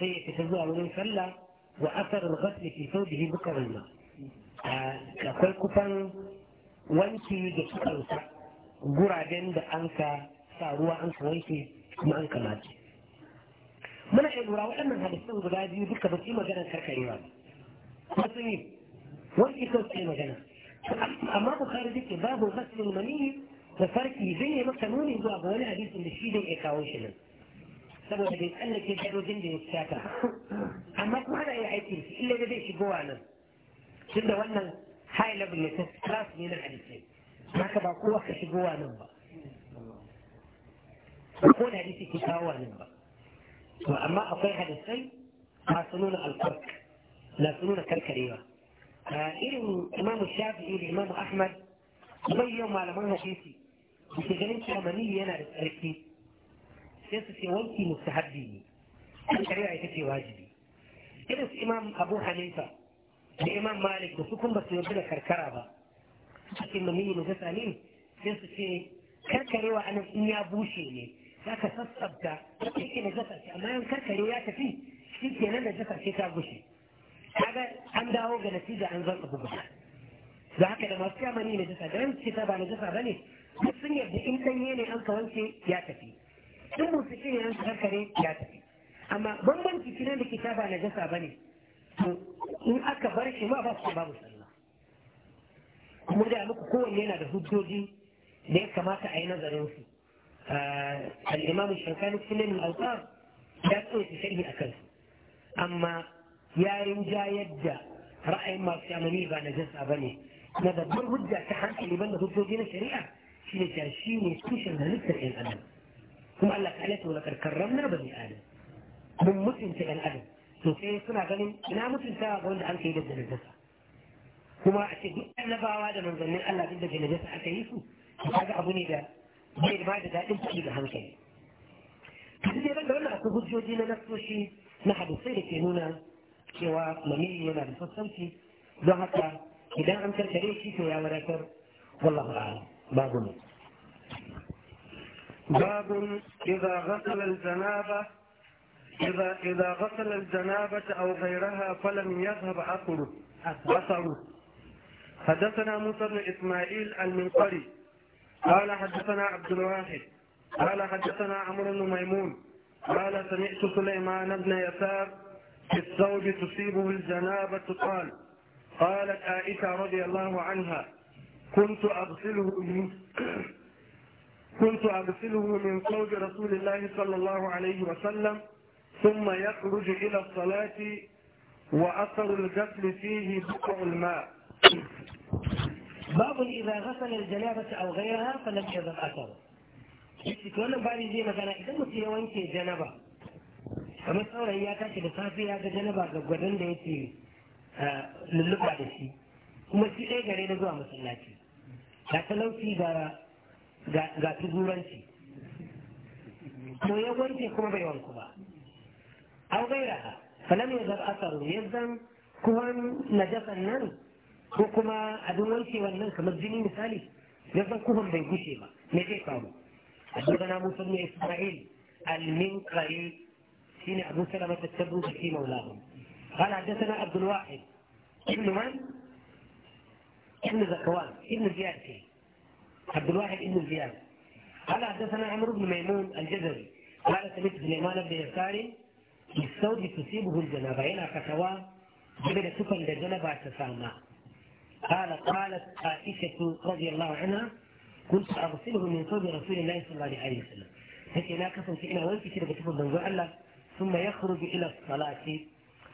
S1: من ويصلى وأثر الغسل في ثوبه بكر الماء آه، كفل كفل وانشي يدفق الوصع قرى جند أنك ساروا أنك ويشي ما أنك ماجي من أحد وراء أن هذا السبب لا يجب أن يكون فيما جنة كركة إيمان وصنين وانشي كوت فيما جنة أما بخارجك باب الغسل المني وفركي زي مكتنوني هو أبواني حديث من الشيء دي إيكاوي شنن saboda bai tsallake gadojin da ya shata amma kuma ana iya aikin shi illa da zai shigo nan tun da wannan high level ne class ne na hadisai haka ba kowa ka shigo nan ba ba ko da hadisi ke kawo nan ba to amma akwai hadisai ba su nuna alfark la su nuna karkarewa irin imamu shafi'i da imamu ahmad bai yau malaman hadisi da ke ganin cewa yana da tsarki sai su ce wanki mustahabbi ne an shari'a ita ce wajibi irin su imam abu hanifa da imam malik da su kun ba su yarda da karkara ba su ce mamini najasa ne sai su ce karkarewa anan in ya bushe ne za ka sassabta shi ke najasa ce amma yan karkare ya tafi shi ke nan najasa ce ta bushe kaga an dawo ga natija an zan abu guda da haka da masu yamani najasa da yan ce ta ba najasa ba ne sun yarda in ɗanye ne an ka wanke ya tafi duk ne yanzu na ne ya tafi amma bambanci kina da ke ba na jasa ba ne in aka bar shi ma ba su babu sallah kuma da muku kowanne yana da hujjoji da ya kamata a yi nazarin su ah, al'imam shankani sunan al'autar ya su sharhi a kansu amma ya rinja yadda ra'ayin masu yamani ba na jasa ba ne na babbar hujja ta hankali ban da hujjoji na shari'a shi ne shi ne tushen halittar 'yan adam kuma Allah ta alaihi wa karramna bani adam mun mutunta ɗan adam to sai suna ganin ina mutunta ga wanda an kai da najasa kuma a ce duk annabawa da manzannin Allah duk da najasa aka yi su kaga abu ne da bai ba da daɗin ci ga hankali duk da ban da wannan akwai hujjoji na nasoshi na hadisai da ke nuna cewa maniyi yana da sassauci don haka idan an karkare shi to ya wadatar wallahu
S2: a'lam babu ne باب إذا غسل الجنابة إذا, إذا غسل الجنابة أو غيرها فلم يذهب أثره أثره حدثنا موسى بن إسماعيل المنقري قال حدثنا عبد الواحد قال حدثنا عمرو بن ميمون قال سمعت سليمان بن يسار في الثوب تصيبه الجنابة قال قالت عائشة رضي الله عنها كنت أغسله كنت أغسله من قول رسول الله صلى الله عليه وسلم ثم يخرج إلى الصلاة وأثر الغسل فيه بقع الماء
S1: باب إذا غسل الجنابة أو غيرها فلم يذب أثر يتكلم بعد ذي مثلا إذا مسيوين في جنبة فما صور هي تاتي لصافي هذا جنبة قدن ديتي آه، للقبع دي وما في أي جريد دوا مسلاتي لو في ga tuzuranci to ya wanke kuma bai wanku ba au gaira ha falam ya zar asaru ya zan kuwan najasan nan ko kuma abin wanke wannan kamar jini misali ya zan kuwan bai gushe ba me zai samu a duka na musan ne isra'il almin kare shi ne abin salama ta tabbu da shi maulahu kana da sana abdul ibn man ibn zakawan ibn ziyarci عبد الواحد ابن زياد قال حدثنا عمرو بن ميمون الجزري قال سمعت سليمان بن يساري يستوجب تصيبه الجنابة إلى فتوى جبل سكن الجنابه تسامى قال قالت عائشة رضي الله عنها كنت أغسله من ثوب رسول الله صلى الله عليه وسلم هيك لا كفن فينا وانت كده بتفضل من الله ثم يخرج إلى الصلاة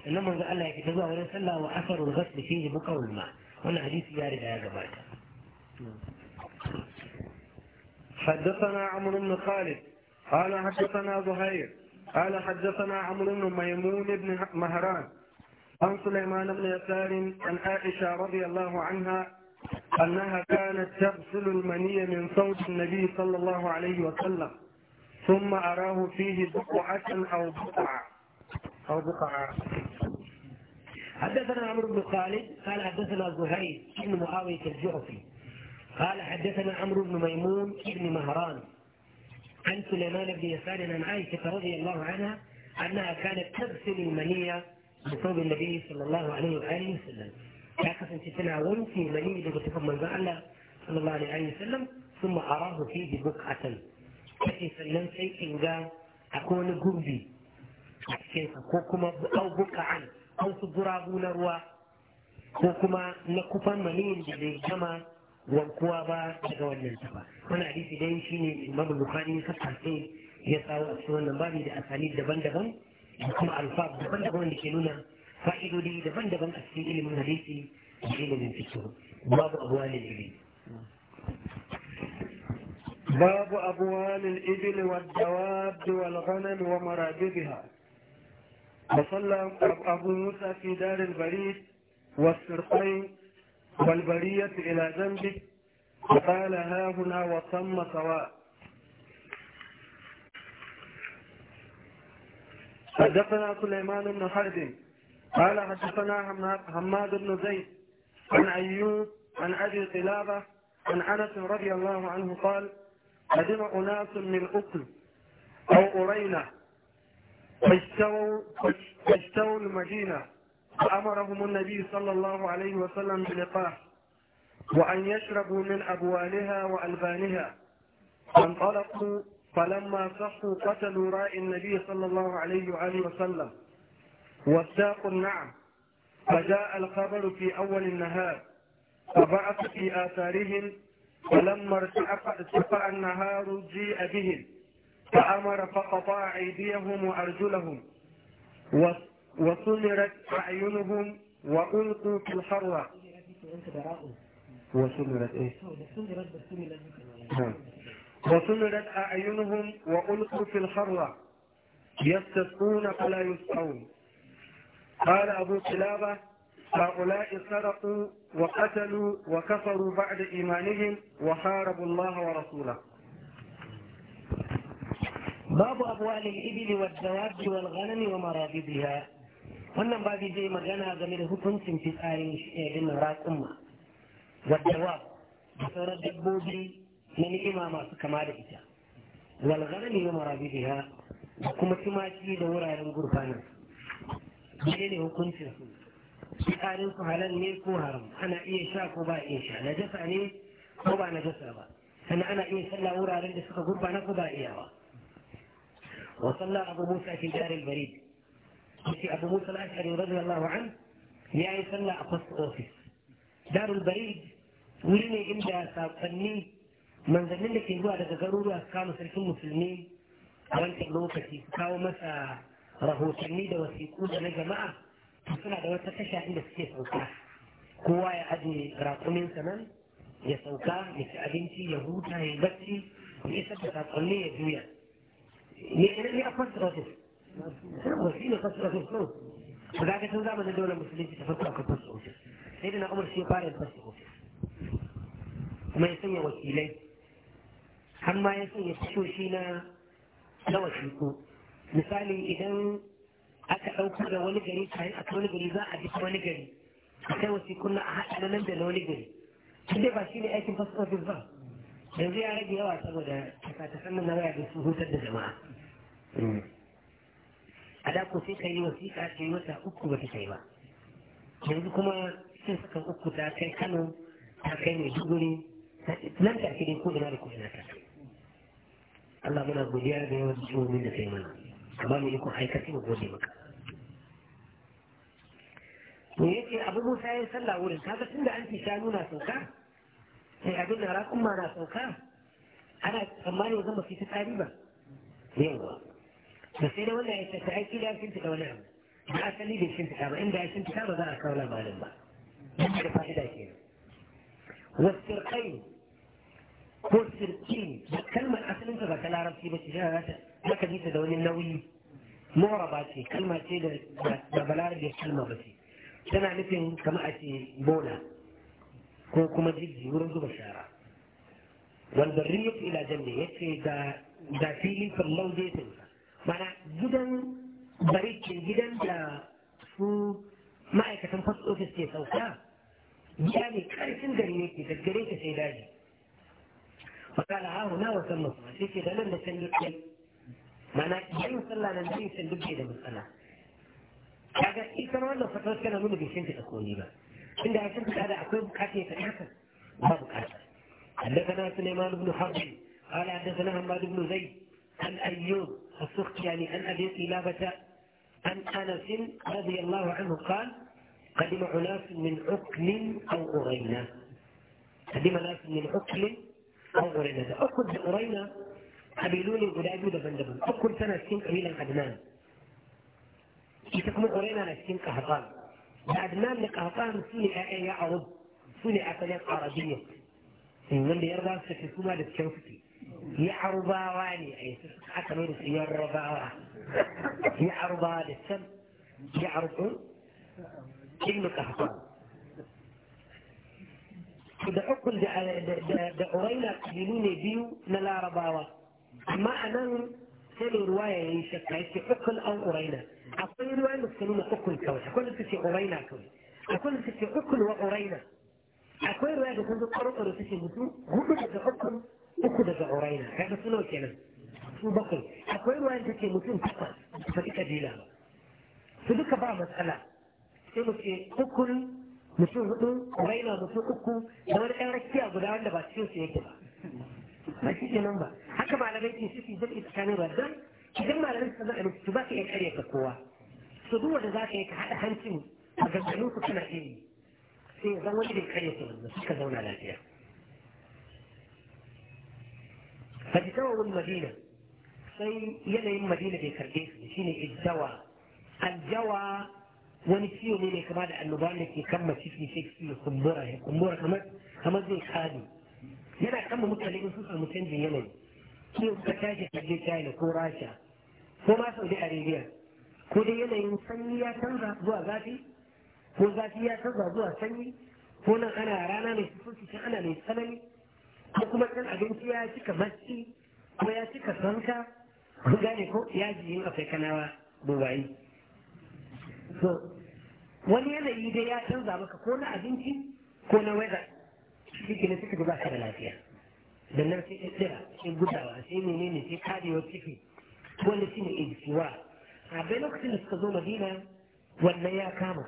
S1: لما قال الله تزوى ورسل وأثر الغسل فيه بقى والماء وانا حديث يارد هذا جبارك
S2: حدثنا عمرو بن خالد قال حدثنا زهير قال حدثنا عمرو بن ميمون بن مهران عن سليمان بن يسار عن عائشة رضي الله عنها أنها كانت تغسل المني من صوت النبي صلى الله عليه وسلم ثم أراه فيه بقعة أو بقعة أو بقعة
S1: حدثنا عمرو بن خالد قال حدثنا زهير بن معاوية الجعفي قال حدثنا عمرو بن ميمون بن مهران عن سليمان بن يسار عن عائشه رضي الله عنها انها كانت تغسل المنيه بثوب النبي صلى الله عليه وآله وسلم كانت انت تلعى ونفي المنيه بثوب من صلى الله عليه واله وسلم ثم اراه فيه بقعه التي سلم شيء ان قال اكون جنبي كوكما او بقعا او تضرابون روى كوكما نكفا منين بجمع wankuwa ba daga wannan ta ba wani hadisi dai shi ne imamu bukhari ya sai ya kawo a cikin wannan babi da asali daban-daban da kuma alfab daban-daban wanda ke nuna fa'idodi daban-daban a cikin ilimin hadisi da ilimin fito babu abuwa ne ilimi
S2: باب أبوال الإبل والدواب والغنم ومرابضها وصلى أبو موسى في دار البريد والسرقين والبرية إلى ذنبك فقال ها هنا وثم سواء حدثنا سليمان بن حرب قال حدثنا حماد بن زيد عن أيوب عن أبي قلابة عن أنس رضي الله عنه قال قدم أناس من أكل أو ارينا فاشتروا, فاشتروا المدينة فأمرهم النبي صلى الله عليه وسلم بلقاح وأن يشربوا من أبوالها وألبانها فانطلقوا فلما صحوا قتلوا راء النبي صلى الله عليه وآله وسلم والساق النعم فجاء الخبر في أول النهار فبعث في آثارهم فلما ارتفع النهار جيء بهم فأمر فقطع أيديهم وأرجلهم وسمرت أعينهم وألقوا في الحرة وسمرت إيه؟ نعم. وسمرت أعينهم وألقوا في الحرة يستسقون فلا يسقون قال أبو قلابة هؤلاء سرقوا وقتلوا وكفروا بعد إيمانهم وحاربوا الله ورسوله باب أبوال
S1: الإبل والدواب والغنم ومراغبها wannan babi zai magana game da hukuncin fitsarin shaidin eh, ma wadda wa da sauran dabbobi na ni'ima masu kama da ita wal ghanami wa marabidiha da kuma tumaki da wuraren gurfana dai ne hukuncin su fitsarin su halal ne ko haram ana iya sha ko ba iya sha Na jasa ne ko ba na jasa ba sannan ana iya sallah wuraren da suka gurfana ko ba iyawa wa sallah abu musa fi jarin bari في أبو موسى الأشعري رضي الله عنه يا يسلى أقص أوفيس دار البريد ويني إمدى ساقني من ذنين لك يقول هذا ضروري أسكام سلكم مسلمين a wancan lokaci su kawo masa rahotanni da wasiƙu da na jama'a suna da wata tasha inda suke sauka kowa ya aje raƙuminsa nan ya sauka ya ci abinci ya huta ya bacci ya isa da saƙonni ya juya ne musulmi fasara fi so ku ga tun zamanin daular musulunci ta fasara kan fasa ofis sai na umar shi fara fasa ofis kuma ya sanya wakilai har ma ya sanya tashoshi na na wasiƙu misali idan aka ɗauko da wani gari kayan a wani gari za a bi wani gari a kai wasiƙun na a haɗa na nan da na wani gari tun dai ba shi ne aikin fasfar ba yanzu ya rage yawa saboda tasa-tasan na waya da su hutar da jama'a hmm. a da ko sai ka yi wasiƙa ce wata uku ba ta kai ba yanzu kuma sai suka uku ta kai kano ta kai mai duguri nan ta ke dai ko ina da ko ina ta Allah muna godiya da yawan jihohin da kai mana amma mu yi iko aikata mu gode maka to yake abu musa ya sallah wurin kaga tun da an ci shanu na sauka sai abin da rakun ma na sauka ana tsammanin zama fi ta tsari ba yawa sai da wannan ya ce ta aiki da shin ta wani abu a asali da shin ta ba inda shin ta ba za a kawo labarin ba yana da da fa'ida kenan والسرقين ko sirkin da kalmar asalin ta ba ta larabci ba shi yana ta maka ji ta da wani nauyi mora ba ce kalma ce da balarabe kalma ba ce tana nufin kamar a ce bola ko kuma jirgi wurin zuba shara wanda riyar ilajen janne ya ce da filin from low mana gidan barikin gidan da su ma'aikatan post office ke sauka gida ne karfin gari ne ke gaggare ka sai daji fakala ha huna wa masu kuma sai ke da nan da can duk kai mana yin sallah nan zai san duk da matsala kaga ita wannan fatawar tana nuna bai shinta ta koli ba inda ya shinta da akwai bukata ya faɗi haka ba bukata حدثنا سليمان بن a قال حدثنا حماد بن zai عن ayyo. السخط يعني عن أبي قلابة عن أنس رضي الله عنه قال قدم أناس من عقل أو أرينا قدم أناس من عقل أو أرينا أقل أرينا قبيلوني ولا يوجد بندبن أقل سنة سين قبيلا عدنان يتكمل أرينا لسين قهطان عدنان لقهطان سوني أعيا عرب سوني أفلات عربية من اللي يرضى سكسوما للشوفتي yarubawa ne ai aka mai da su yarubawa yarubawa da can yarubun ibn kahfan da ukun da uraina kabilu ne biyu na larabawa amma a nan sai mai ruwa ya yi shakka ya ce ukun an uraina akwai ruwa da suka nuna ukun kawai akwai da suke uraina kawai akwai da suke ukun wa uraina akwai ruwa da sun zo kwarokwaro suke mutu hudu da ukun uku daga auraina kaga suna nawa kenan su bakwai akwai ruwayan take mutum takwas ba ta kabila ba su duka ba matsala sai mu ce ukun mutum hudu auraina mutum uku da wani ɗan rakiya guda wanda ba cikin su yake ba ba shi kenan ba haka malamai ke suke iya tsakanin ba don idan malamai suka zaɓa su ba ka iya karya ka kowa su duk wanda za ka yi ka haɗa hancin a ganganin su kana iri sai zan wani bai karya su wanda suka zauna lafiya فاجتووا madina, sai yanayin madina bai karbe su shine ijjawa aljawa wani ciwo ne mai kama da annoba ne ke kan mace ke shakki ya kumbura kamar zai kare yana kama mutane in sun samu yanayi ciwo ka tashi ka je china ko rasha ko ma saudi arabia ko dai yanayin sanyi ya canza zuwa zafi ko zafi ya canza zuwa sanyi ko nan ana rana mai sufurci ana mai tsanani ko kuma ɗan abinci ya cika bacci ko ya cika sanka ku gane ko ya yin akwai kanawa bubayi so wani yanayi dai ya canza maka ko na abinci ko na weather shi ke suka ga baka da lafiya da nan sai tsira sai gudawa sai menene sai karewar ciki wanda shi ne ejiwa a bai lokacin da suka zo madina wannan ya kama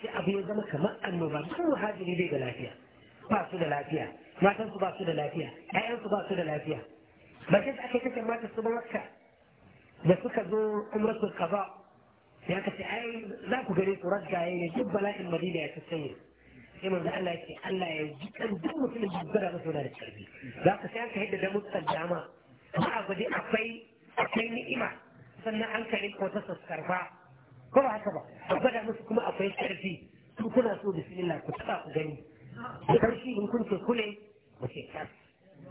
S1: sai abu ya zama kamar annoba duk muhajiri bai da lafiya ba su da lafiya matansu ba su da lafiya ƴaƴansu ba su da lafiya ba sai aka kashe mata su makka da suka zo umratul qada ya kace ai za ku gare ku radda yayin duk bala'in madina ya kasance sai manzo Allah ya ce Allah ya ji kan duk mutumin da zara masa da karbi za ka sai ka hidda da mutan dama ba gudi akwai akwai ni'ima sannan an kare ko ta sassarfa ko ba haka ba gwada musu kuma akwai karfi su kuna so bismillah ku taba ku gani da karshe in kun ce kule Você quer?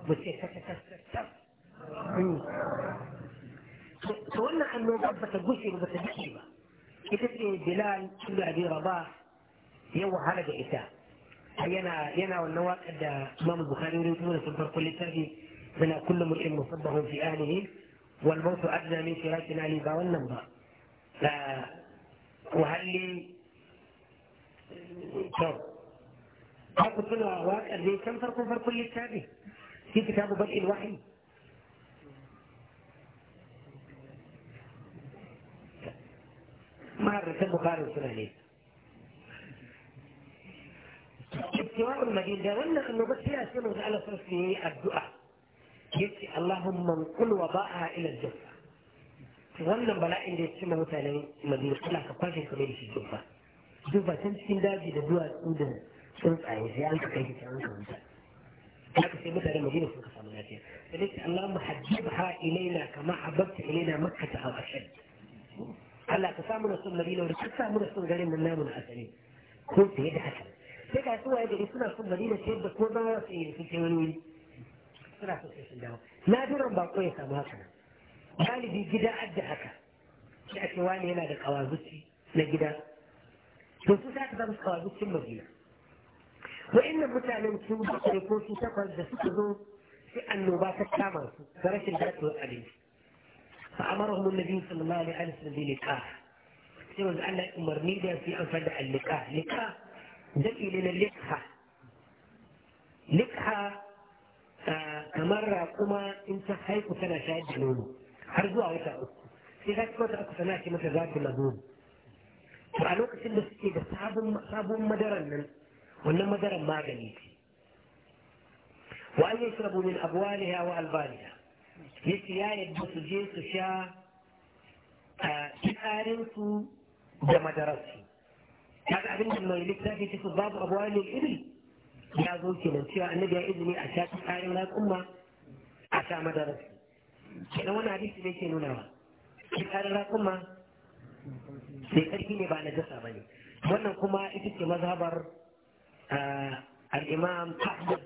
S1: Você quer? quer, quer, تقولنا انه ضبط الجزء بس بلال كل ابي رباح يو هلق عتاب ينا ينا والنواق ادى امام البخاري يريدون في الفرق الثاني بنا كل مرئ مصبه في اهله والموت ادنى من شراك لبا والنبا ف وهل لي za ku tuna waƙar dai can farko farkon littafi shi kitabu bakin wahayi maharratan bukarin suna ne istiwa'ul madina da wannan annobar ta yace manzo Allah sun yi addu'a yace Allahumma qul wa ba'a ila al wannan bala'in da ya ci mutanen madina Allah ka kwashe kamar shi jubba jubba can cikin daji da duwatsu da tsuntsaye sai an ka kai sai an ka wuta haka sai mutane madina sun ka samu lafiya sai dai Allahumma hajjibha ilaina kama habbta ilaina makkata aw ashad Allah ka samu na son madina wanda ka samu na son garin nan namu na asali ko fiye da haka sai ga su waye gari suna son madina sai da ko ba su yi su ce wani suna son sai sun dawo na duran bako ya samu haka galibi gida adda haka sai a ce wani yana da kawazuci na gida to su sa ka zama kawazucin madina وإن المتعلم كيو بطريقو في تقل دستهو في أنه باتت كامر فرش الجاتو الأليف فأمرهم النبي صلى الله عليه وسلم بلقاه سيوز أن أمر ميدا في أنفلع اللقاه لقاه ذكي لنا لقاه لقاه تمر كما انت حيث سنة شاهد جنون هرجو أغيطا أكو في ذات ما تأكو سنة شمسة ذات مدون فعلوك سنة سكيدة صابوا مدرنا wannan madaran magani ce wa an shirabu min abwaliha wa ya ce ya yadda su je su sha a fitsarinsu da madararsu ga abin da mai littafi cikin babu abwalin iri ya zo kenan cewa annabi ya izini a sha fitsarin raƙumma a sha madararsu kenan wani hadisi da yake nuna wa fitsarin raƙumma sai ƙarfi ne ba na jasa ba ne wannan kuma ita ce mazhabar الإمام أحمد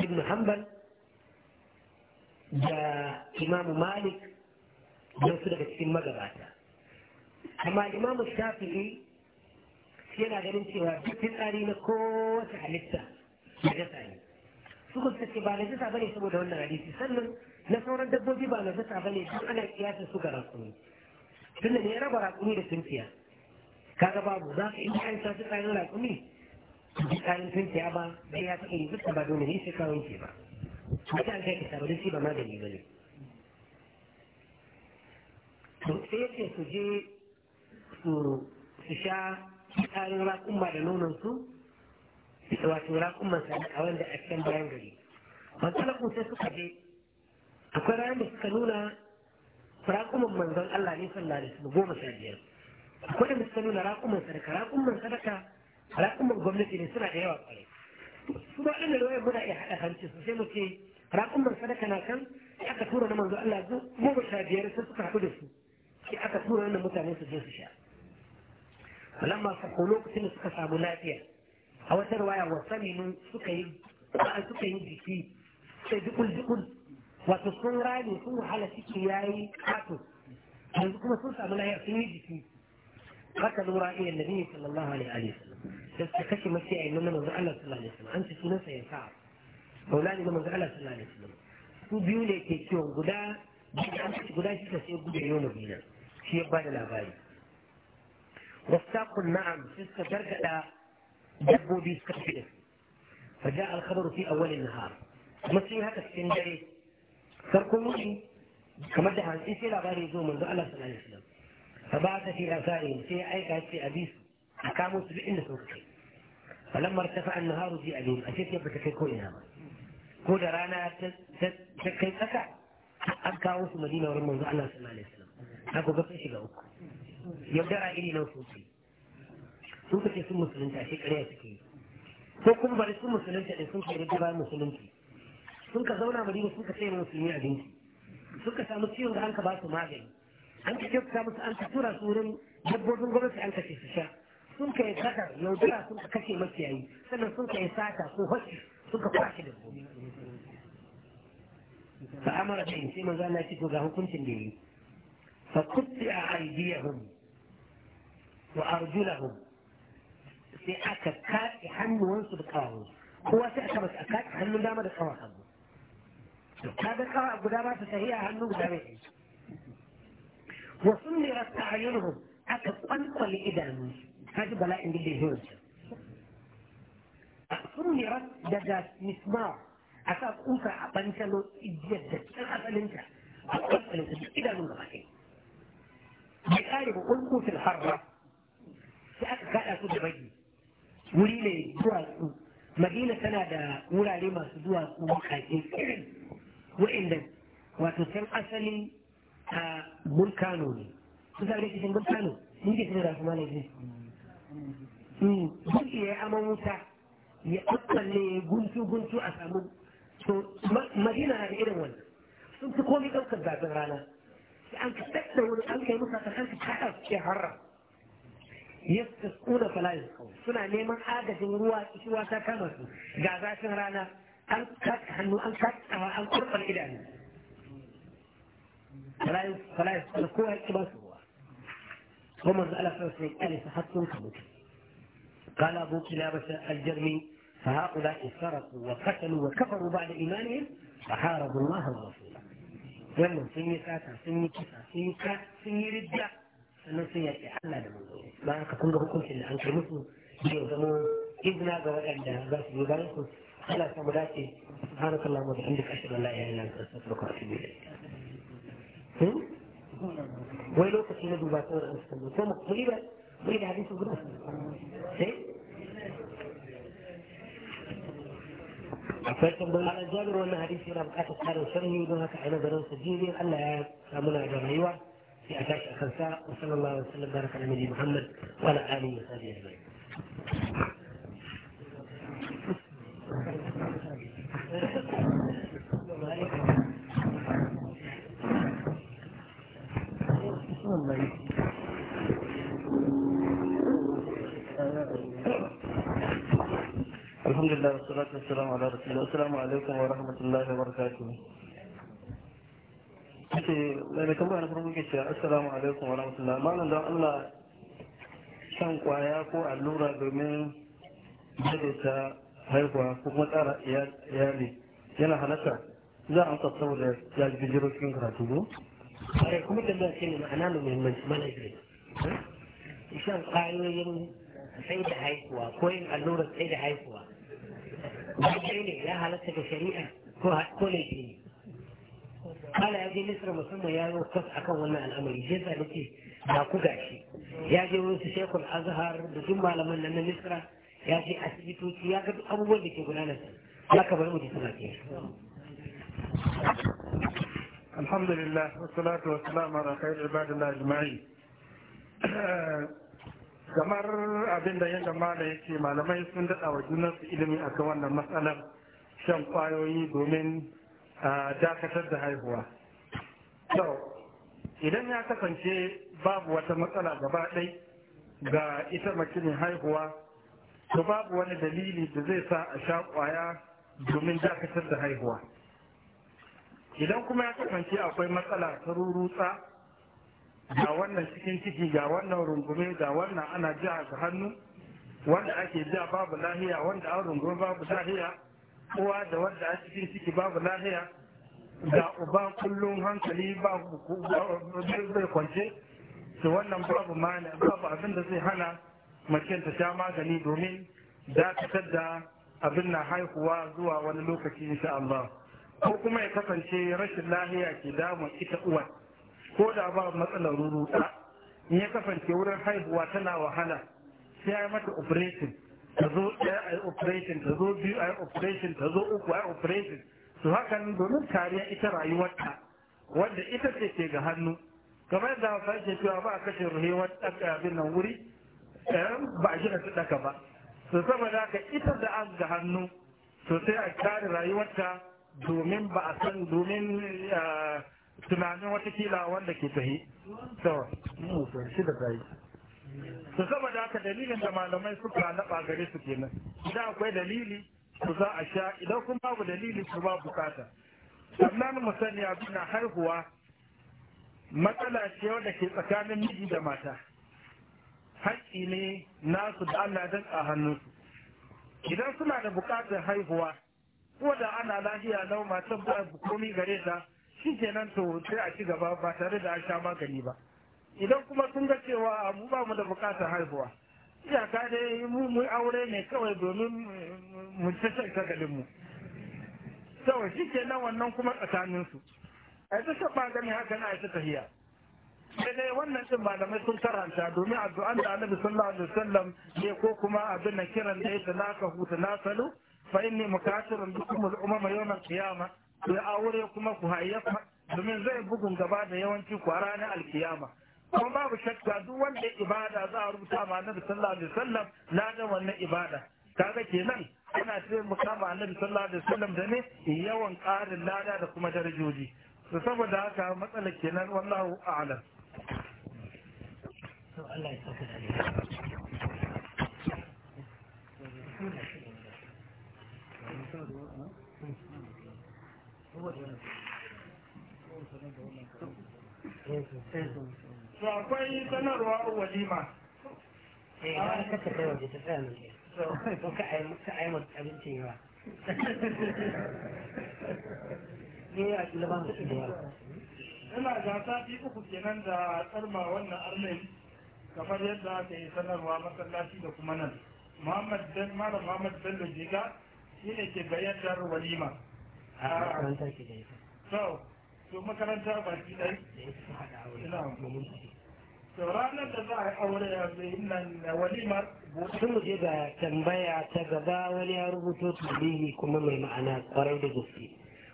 S1: بن حنبل da imamu malik don su daga cikin magabata amma imamu shafi'i yana ganin cewa duk fitsari na kowace halitta na jasa ne su kusa ba na jasa bane saboda wannan hadisi sannan na sauran dabbobi ba na jasa bane duk ana kiyasa su ga rakumi tunda ne ya raba rakumi da tunkiya kaga babu za ka iya an sa fitsarin rakumi ji kayan tunkiya ba dai ya taɓa yi dukkan ba domin ne sai kawai ke ba wata an kai kisa ba duk ba magani ba ne to sai yake su je su sha tsarin raƙumma da nonon su wato raƙumman a wanda a cikin bayan gari matsalakun sai suka je akwai ranar da suka nuna raƙuman manzon Allah ne sallallahu alaihi wasallam goma sha biyar akwai da suka nuna raƙuman sadaka raƙuman sadaka raƙumin gwamnati ne suna da yawa ƙwarai su ba ɗan da ruwayar muna iya haɗa hanci sosai mu ce raƙumin sadaka na kan sai aka tura na manzo Allah goma sha biyar sai suka haɗu da su sai aka tura wannan mutane su je su sha falamma sako lokacin da suka samu lafiya a wata ruwaya wa saminu suka yi suka yi jiki sai dukul dukul wato sun rani sun wahala ciki yayi kato yanzu kuma sun samu lafiya sun yi jiki haka lura iya nabi sallallahu alaihi wa sallam لست كشي مسيحي إنما من زعل صلى الله عليه وسلم أنت سنة سيسعى مولاني من زعل صلى الله عليه وسلم تو بيولي تيشون قدا جيد أنت قدا جيد سيو قدا يوم بينا شيء بان لا باي وفتاق النعم سيسك درجة لا جبو بيسك فجاء الخبر في أول النهار مسيح هكا سنجري فركموني كما دهان إيسي لا باري زوم من زعل صلى الله عليه وسلم فبعث في أثاره سيئ أيكا في أبيسه a kamo su duk inda sun kai falamma irtafa an-naharu fi alim a cikin ba ta kai ko ina ba ko da rana ta kai tsaka an kawo su madina wurin manzo Allah sallallahu alaihi wasallam haka ga uku yaudara iri nan sun sun kace sun musulunta shi ƙarya suke yi ko kuma bari sun musulunta ɗin sun kai rigaba musulunci sun ka zauna madina sun ka sai musulmi abinci sun ka samu ba su magani an ka kyauta musu an tura gwamnati an ka ce su sha sun kai sata yaudara sun ka kashe makiyayi sannan sun kai sata ko haƙi sun ka kwashe da su fa amara da sai manzo Allah ya ce ga hukuncin da yi fa kutti a aidiyahum wa arjulahum sai aka kaɗe hannuwansu da kawo kowa sai aka masa kaɗe hannun dama da kawo hannu ka ga kawo guda ba ta sahiya hannu guda mai wa sunnirat a'yunuhum aka kwankwale idanunsu kaji bala'in da ya zo a tsumiyar daga mismar a sa kuka a bantalo igiyar da cikin asalinta a kwasalin su idanun gaba ɗaya ya kare ba kulku fil harba sai aka kada su da bagi wuri ne duwatsu madina tana da wurare masu duwatsu makakin irin wa'inda wato can asali a burkano ne su sa ne cikin burkano ni ke cikin rasu malaji Hmm. duk ya yi aman wuta ya ɗaukale guntu guntu a samu to madina na da irin wannan sun fi komai ɗaukar zafin rana sai an ka ɗaɗɗa wani an kai musa kan an ka kaɗa su ce harra yastasquna fala yasqun suna neman agajin ruwa kishiwa ta kama su ga zafin rana an kaɗa hannu an kaɗa an kurɓar idanu fala yasqun kowa ya ƙi ba su kuma Allah sai sai kare قال أبو كلابة الجرمي فهؤلاء سرقوا وقتلوا وكفروا بعد إيمانهم فحاربوا الله ورسوله wannan sun sata sun kisa sun yi ka sun yi ridda da manzo ba da an kai musu zai zama izina ga waɗanda za su yi bayan su Allah dace في ويلو تشيل دوباتور أستن وسام قريبة قريبة هذه سجرة سي
S2: فاتم بن على
S1: جابر وان حديث يرى بقاس الحال وشره يدوها كحنا بنو سجيري ان لا يسامونا على ريوع أيوة. في اساس الخلفاء وصلى الله وسلم بارك على نبي محمد وعلى اله وصحبه اجمعين
S2: والصلاة والسلام على رسول الله السلام عليكم ورحمة الله وبركاته ce mai tambaya na farko ke cewa assalamu alaikum wa rahmatullah malam don Allah shan kwaya ko allura domin daidaita haihuwa ko kuma tsara iyali yana halatta za a amsa saboda ya ji bijiro cikin karatu ko?
S1: Ai kuma tambaya ce ne ma'ana mai muhimmanci mana ne.
S2: Shan kwayoyin sai da
S1: haihuwa ko yin allurar sai da haihuwa لكن لا علاقه بالشريعه هو كل الدين قال هذه مصر مسمى يا وقف اكون معنى امري جزا لكي لا قداشي يا جي ورس شيخ الازهر بجمع لما لنا مصر يا جي اسبتوك يا قد اول لكي قول انا لك بالمجي سماتي
S2: الحمد لله والصلاة والسلام على خير عباد الله اجمعين kamar abin da yadda mala yake malamai sun daɗa wa junansu ilimi a wannan matsalar shan kwayoyi domin dakatar da haihuwa idan ya kasance babu wata matsala gaba ɗai ga ita mace haihuwa to babu wani dalili da zai sa a sha kwaya domin dakatar da haihuwa idan kuma ya kasance akwai matsala ta rurutsa ga wannan cikin ciki ga wannan rungume ga wannan ana ja ga hannu wanda ake ja babu lahiya wanda an rungume babu lahiya uwa da wanda a cikin ciki babu lahiya ga uba kullum hankali babu bai kwance su wannan babu mana babu abin da zai hana mace ta sha magani domin ta da abin na haihuwa zuwa wani lokaci insha Allah ko kuma ya kasance rashin lahiya ke damun ita uwa ko da ba matsalar ruruta in ya kasance wurin haihuwa tana wahala sai ya mata operation ta zo ɗaya a yi operation ta zo biyu a yi operation ta zo uku a yi operation su hakan domin kariya ita rayuwarta wanda ita ce ke ga hannu kamar da hausa ke cewa ba a kashe ruhewar ɗaka abin nan wuri eh, ba a gina su ɗaka ba su saboda haka ita da an ga hannu sosai a kare rayuwarta domin ba a san domin eh, tunanin watakila wanda ke tahi to shi da tayi to saboda haka dalilin da malamai suka naba gare su nan, idan akwai dalili su za a sha idan kuma babu dalili su ba bukata sannan mu sani abin na haihuwa matsala ce wadda ke tsakanin miji da mata haƙƙi ne nasu da Allah dan a hannunsu idan suna da bukatar haihuwa ko da ana lafiya lau matan ba komi gare ta shi kenan to sai a ci gaba ba tare da an sha magani ba idan kuma sun ga cewa mu ba mu da bukatar haihuwa iyaka dai mu mu aure ne kawai domin mu ci shagalin mu to shi kenan wannan kuma tsakanin su a ita shan magani haka na ita tahiya sai dai wannan din malamai sun karanta domin addu'an da annabi sallallahu alaihi wasallam ne ko kuma abin kiran da ya talaka hu talasalu fa inni mukatirun bikum al-umama yawm al-qiyamah ku yi aure kuma ku kuma domin zai bugun gaba da yawanci ku a ranar alkiyama kuma babu shakka duk wanda ibada za a rubuta ma annabi sallallahu alaihi wasallam da wannan ibada kaga kenan ana taimaka ma annabi sallallahu alaihi wasallam da ne yawan ƙarin lada da kuma darajoji to saboda haka matsala kenan wallahu a'lam
S1: to Allah ya saka da to
S2: akwai sanarwa walima a kasa ina ga sati uku kenan da tsarma wannan arnai kamar yadda aka yi sanarwa masallaci da kuma nan muhammad malam muhammad bello jiga shi ne ke bayyantar walima makaranta ke da ita so to makaranta ba shi dai da ita su hada aure ina amfani to ranar da za a yi aure ya zai nan walimar sun mu je
S1: ga tambaya ta gaba wani ya rubuto tabihi kuma mai ma'ana kwarai da gaske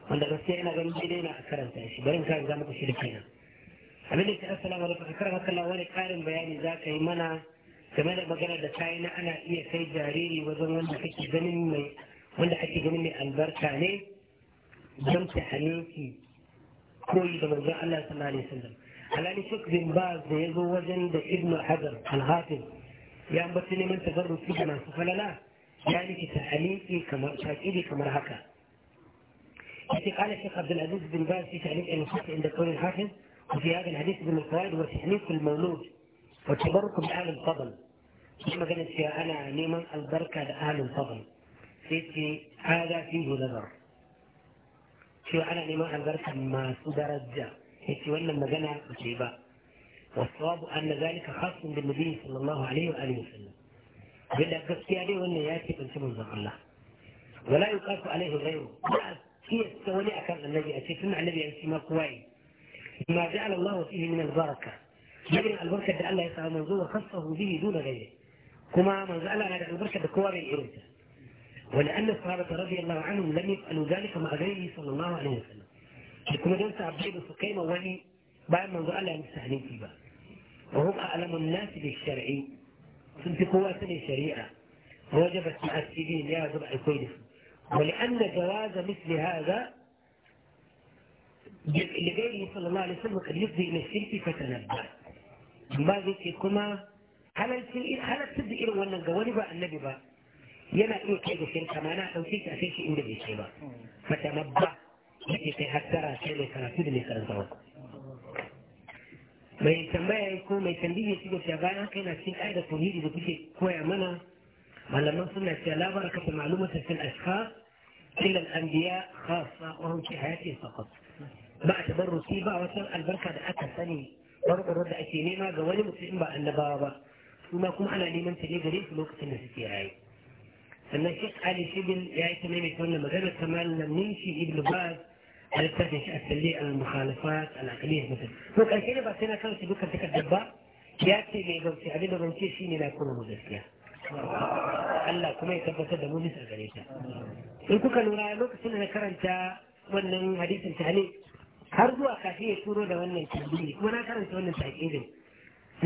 S1: wanda gaskiya ina ganin daidai na a karanta shi bari in karanta muku shi da kenan abin da ke assalamu alaikum ka karanta kallon wani karin bayani za ka yi mana game da maganar da ta yi na ana iya kai jariri wajen wanda kake ganin mai wanda ake ganin mai albarka ne دمت حنيكي كوي بمجاء الله صلى الله عليه وسلم على أن شك بن باز يلغو وزن ابن حجر الغاتب يعني بطني من تفرر في جماعة فلا لا يعني تحنيكي كما شاكيدي كما هكا يعني قال الشيخ عبد العزيز بن باز في تعليم أن شك عند كون الحاكم وفي هذا الحديث من القواعد وتحنيك المولود وتبرك بأهل الفضل كما قالت فيها أنا نيما البركة لأهل الفضل سيدي هذا فيه نظر cewa ana neman albarkar masu daraja yace wannan magana ba ce ba والصواب أن ذلك خاص بالنبي صلى الله عليه وآله وسلم بلا قصي عليه وأن ياتي من سبب الله ولا يقاس عليه غيره لا هي السواني أكان النبي أتي كما النبي أتي ما قوي ما جعل الله فيه من البركة يبني البركة ده الله يسعى منظور خصه به دون غيره كما من جعل هذا البركة بكواري إرثه ولأن الصحابة رضي الله عنهم لم يفعلوا ذلك مع غيره صلى الله عليه وسلم. كما جنس عبد الله بن سقيم ولي بعد من ظل عليهم سهلين في بعض. وهم أعلم الناس بالشرعي في قوات الشريعة وجبت السجين يا زرع الكويت ولأن جواز مثل هذا لغيره صلى الله عليه وسلم قد يفضي إلى الشرك فتنبأ ما ذكي كما هل الشيء هل تبدي إلى وأن النبي بقى yana iya kai da shirka ma na ɗauki ta sai shi inda yake ba mata mabba yake kai hattara sai mai karatu da mai karantarwa mai tambaya ko mai tambaye shi da shi bayan kai na cikin ƙa'idar tauhidi da kuke koya mana malaman suna cewa la barakata ta fil ashka illa al anbiya khassa wa hum fi hayati faqat ba a tabarruki ba wata albarka da aka sani barbarar da ake nema ga wani mutum ba annabawa ba kuma kuma ana neman ta ne gare su lokacin da suke rayu انك تسالي سيدي يا ايتمين يكون غير كمان لم نمشي ابن باز هل تفتش اتلي المخالفات العقلية مثلا فوق اكيد بس انا كنت بكر تك الدبا ياتي لي بمشي علي بمشي شيني لا يكون مزكيا الله كما يتبقى سيدة مجلسة غريبة انكو كان ورا لوك سنة كرنتا ونن حديث انتهالي هرجو اخافية سورو لو انن تنبيني ونا كرنتا ونن تحكيدين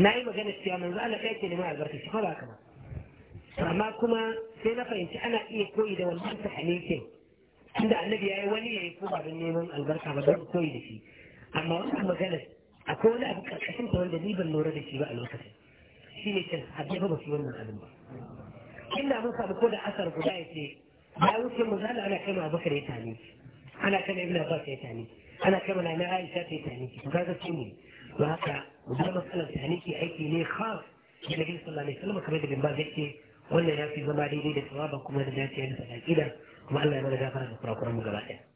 S1: نائم جانا استيامن وانا فاتي لما عبرتي سفا باكما فما كما sai na fahimci ana iya koyi da wannan tahalilin tunda annabi yayi wani yayi ko ba neman albarka ba don koyi da shi amma wannan magana akwai wani abu karkashin ta wanda ni ban lura da shi ba a lokacin shi ne can haddafa ba shi wannan abin ba inda mun samu ko da asar guda ya ce ya wuce mu zala ana kai ma bakar ya tani ana kai ibn abbas ya tani ana kai na aisha ta tani to kaga shi ne don haka mu da matsalar tani ke aiki ne khas da nabi sallallahu alaihi wasallam kamar da bin ba zai ce wannan
S2: ya fi zama daidai da tsawaba kuma da dace da sadaqida kuma Allah ya mana gafara da kurakuran mu gaba ɗaya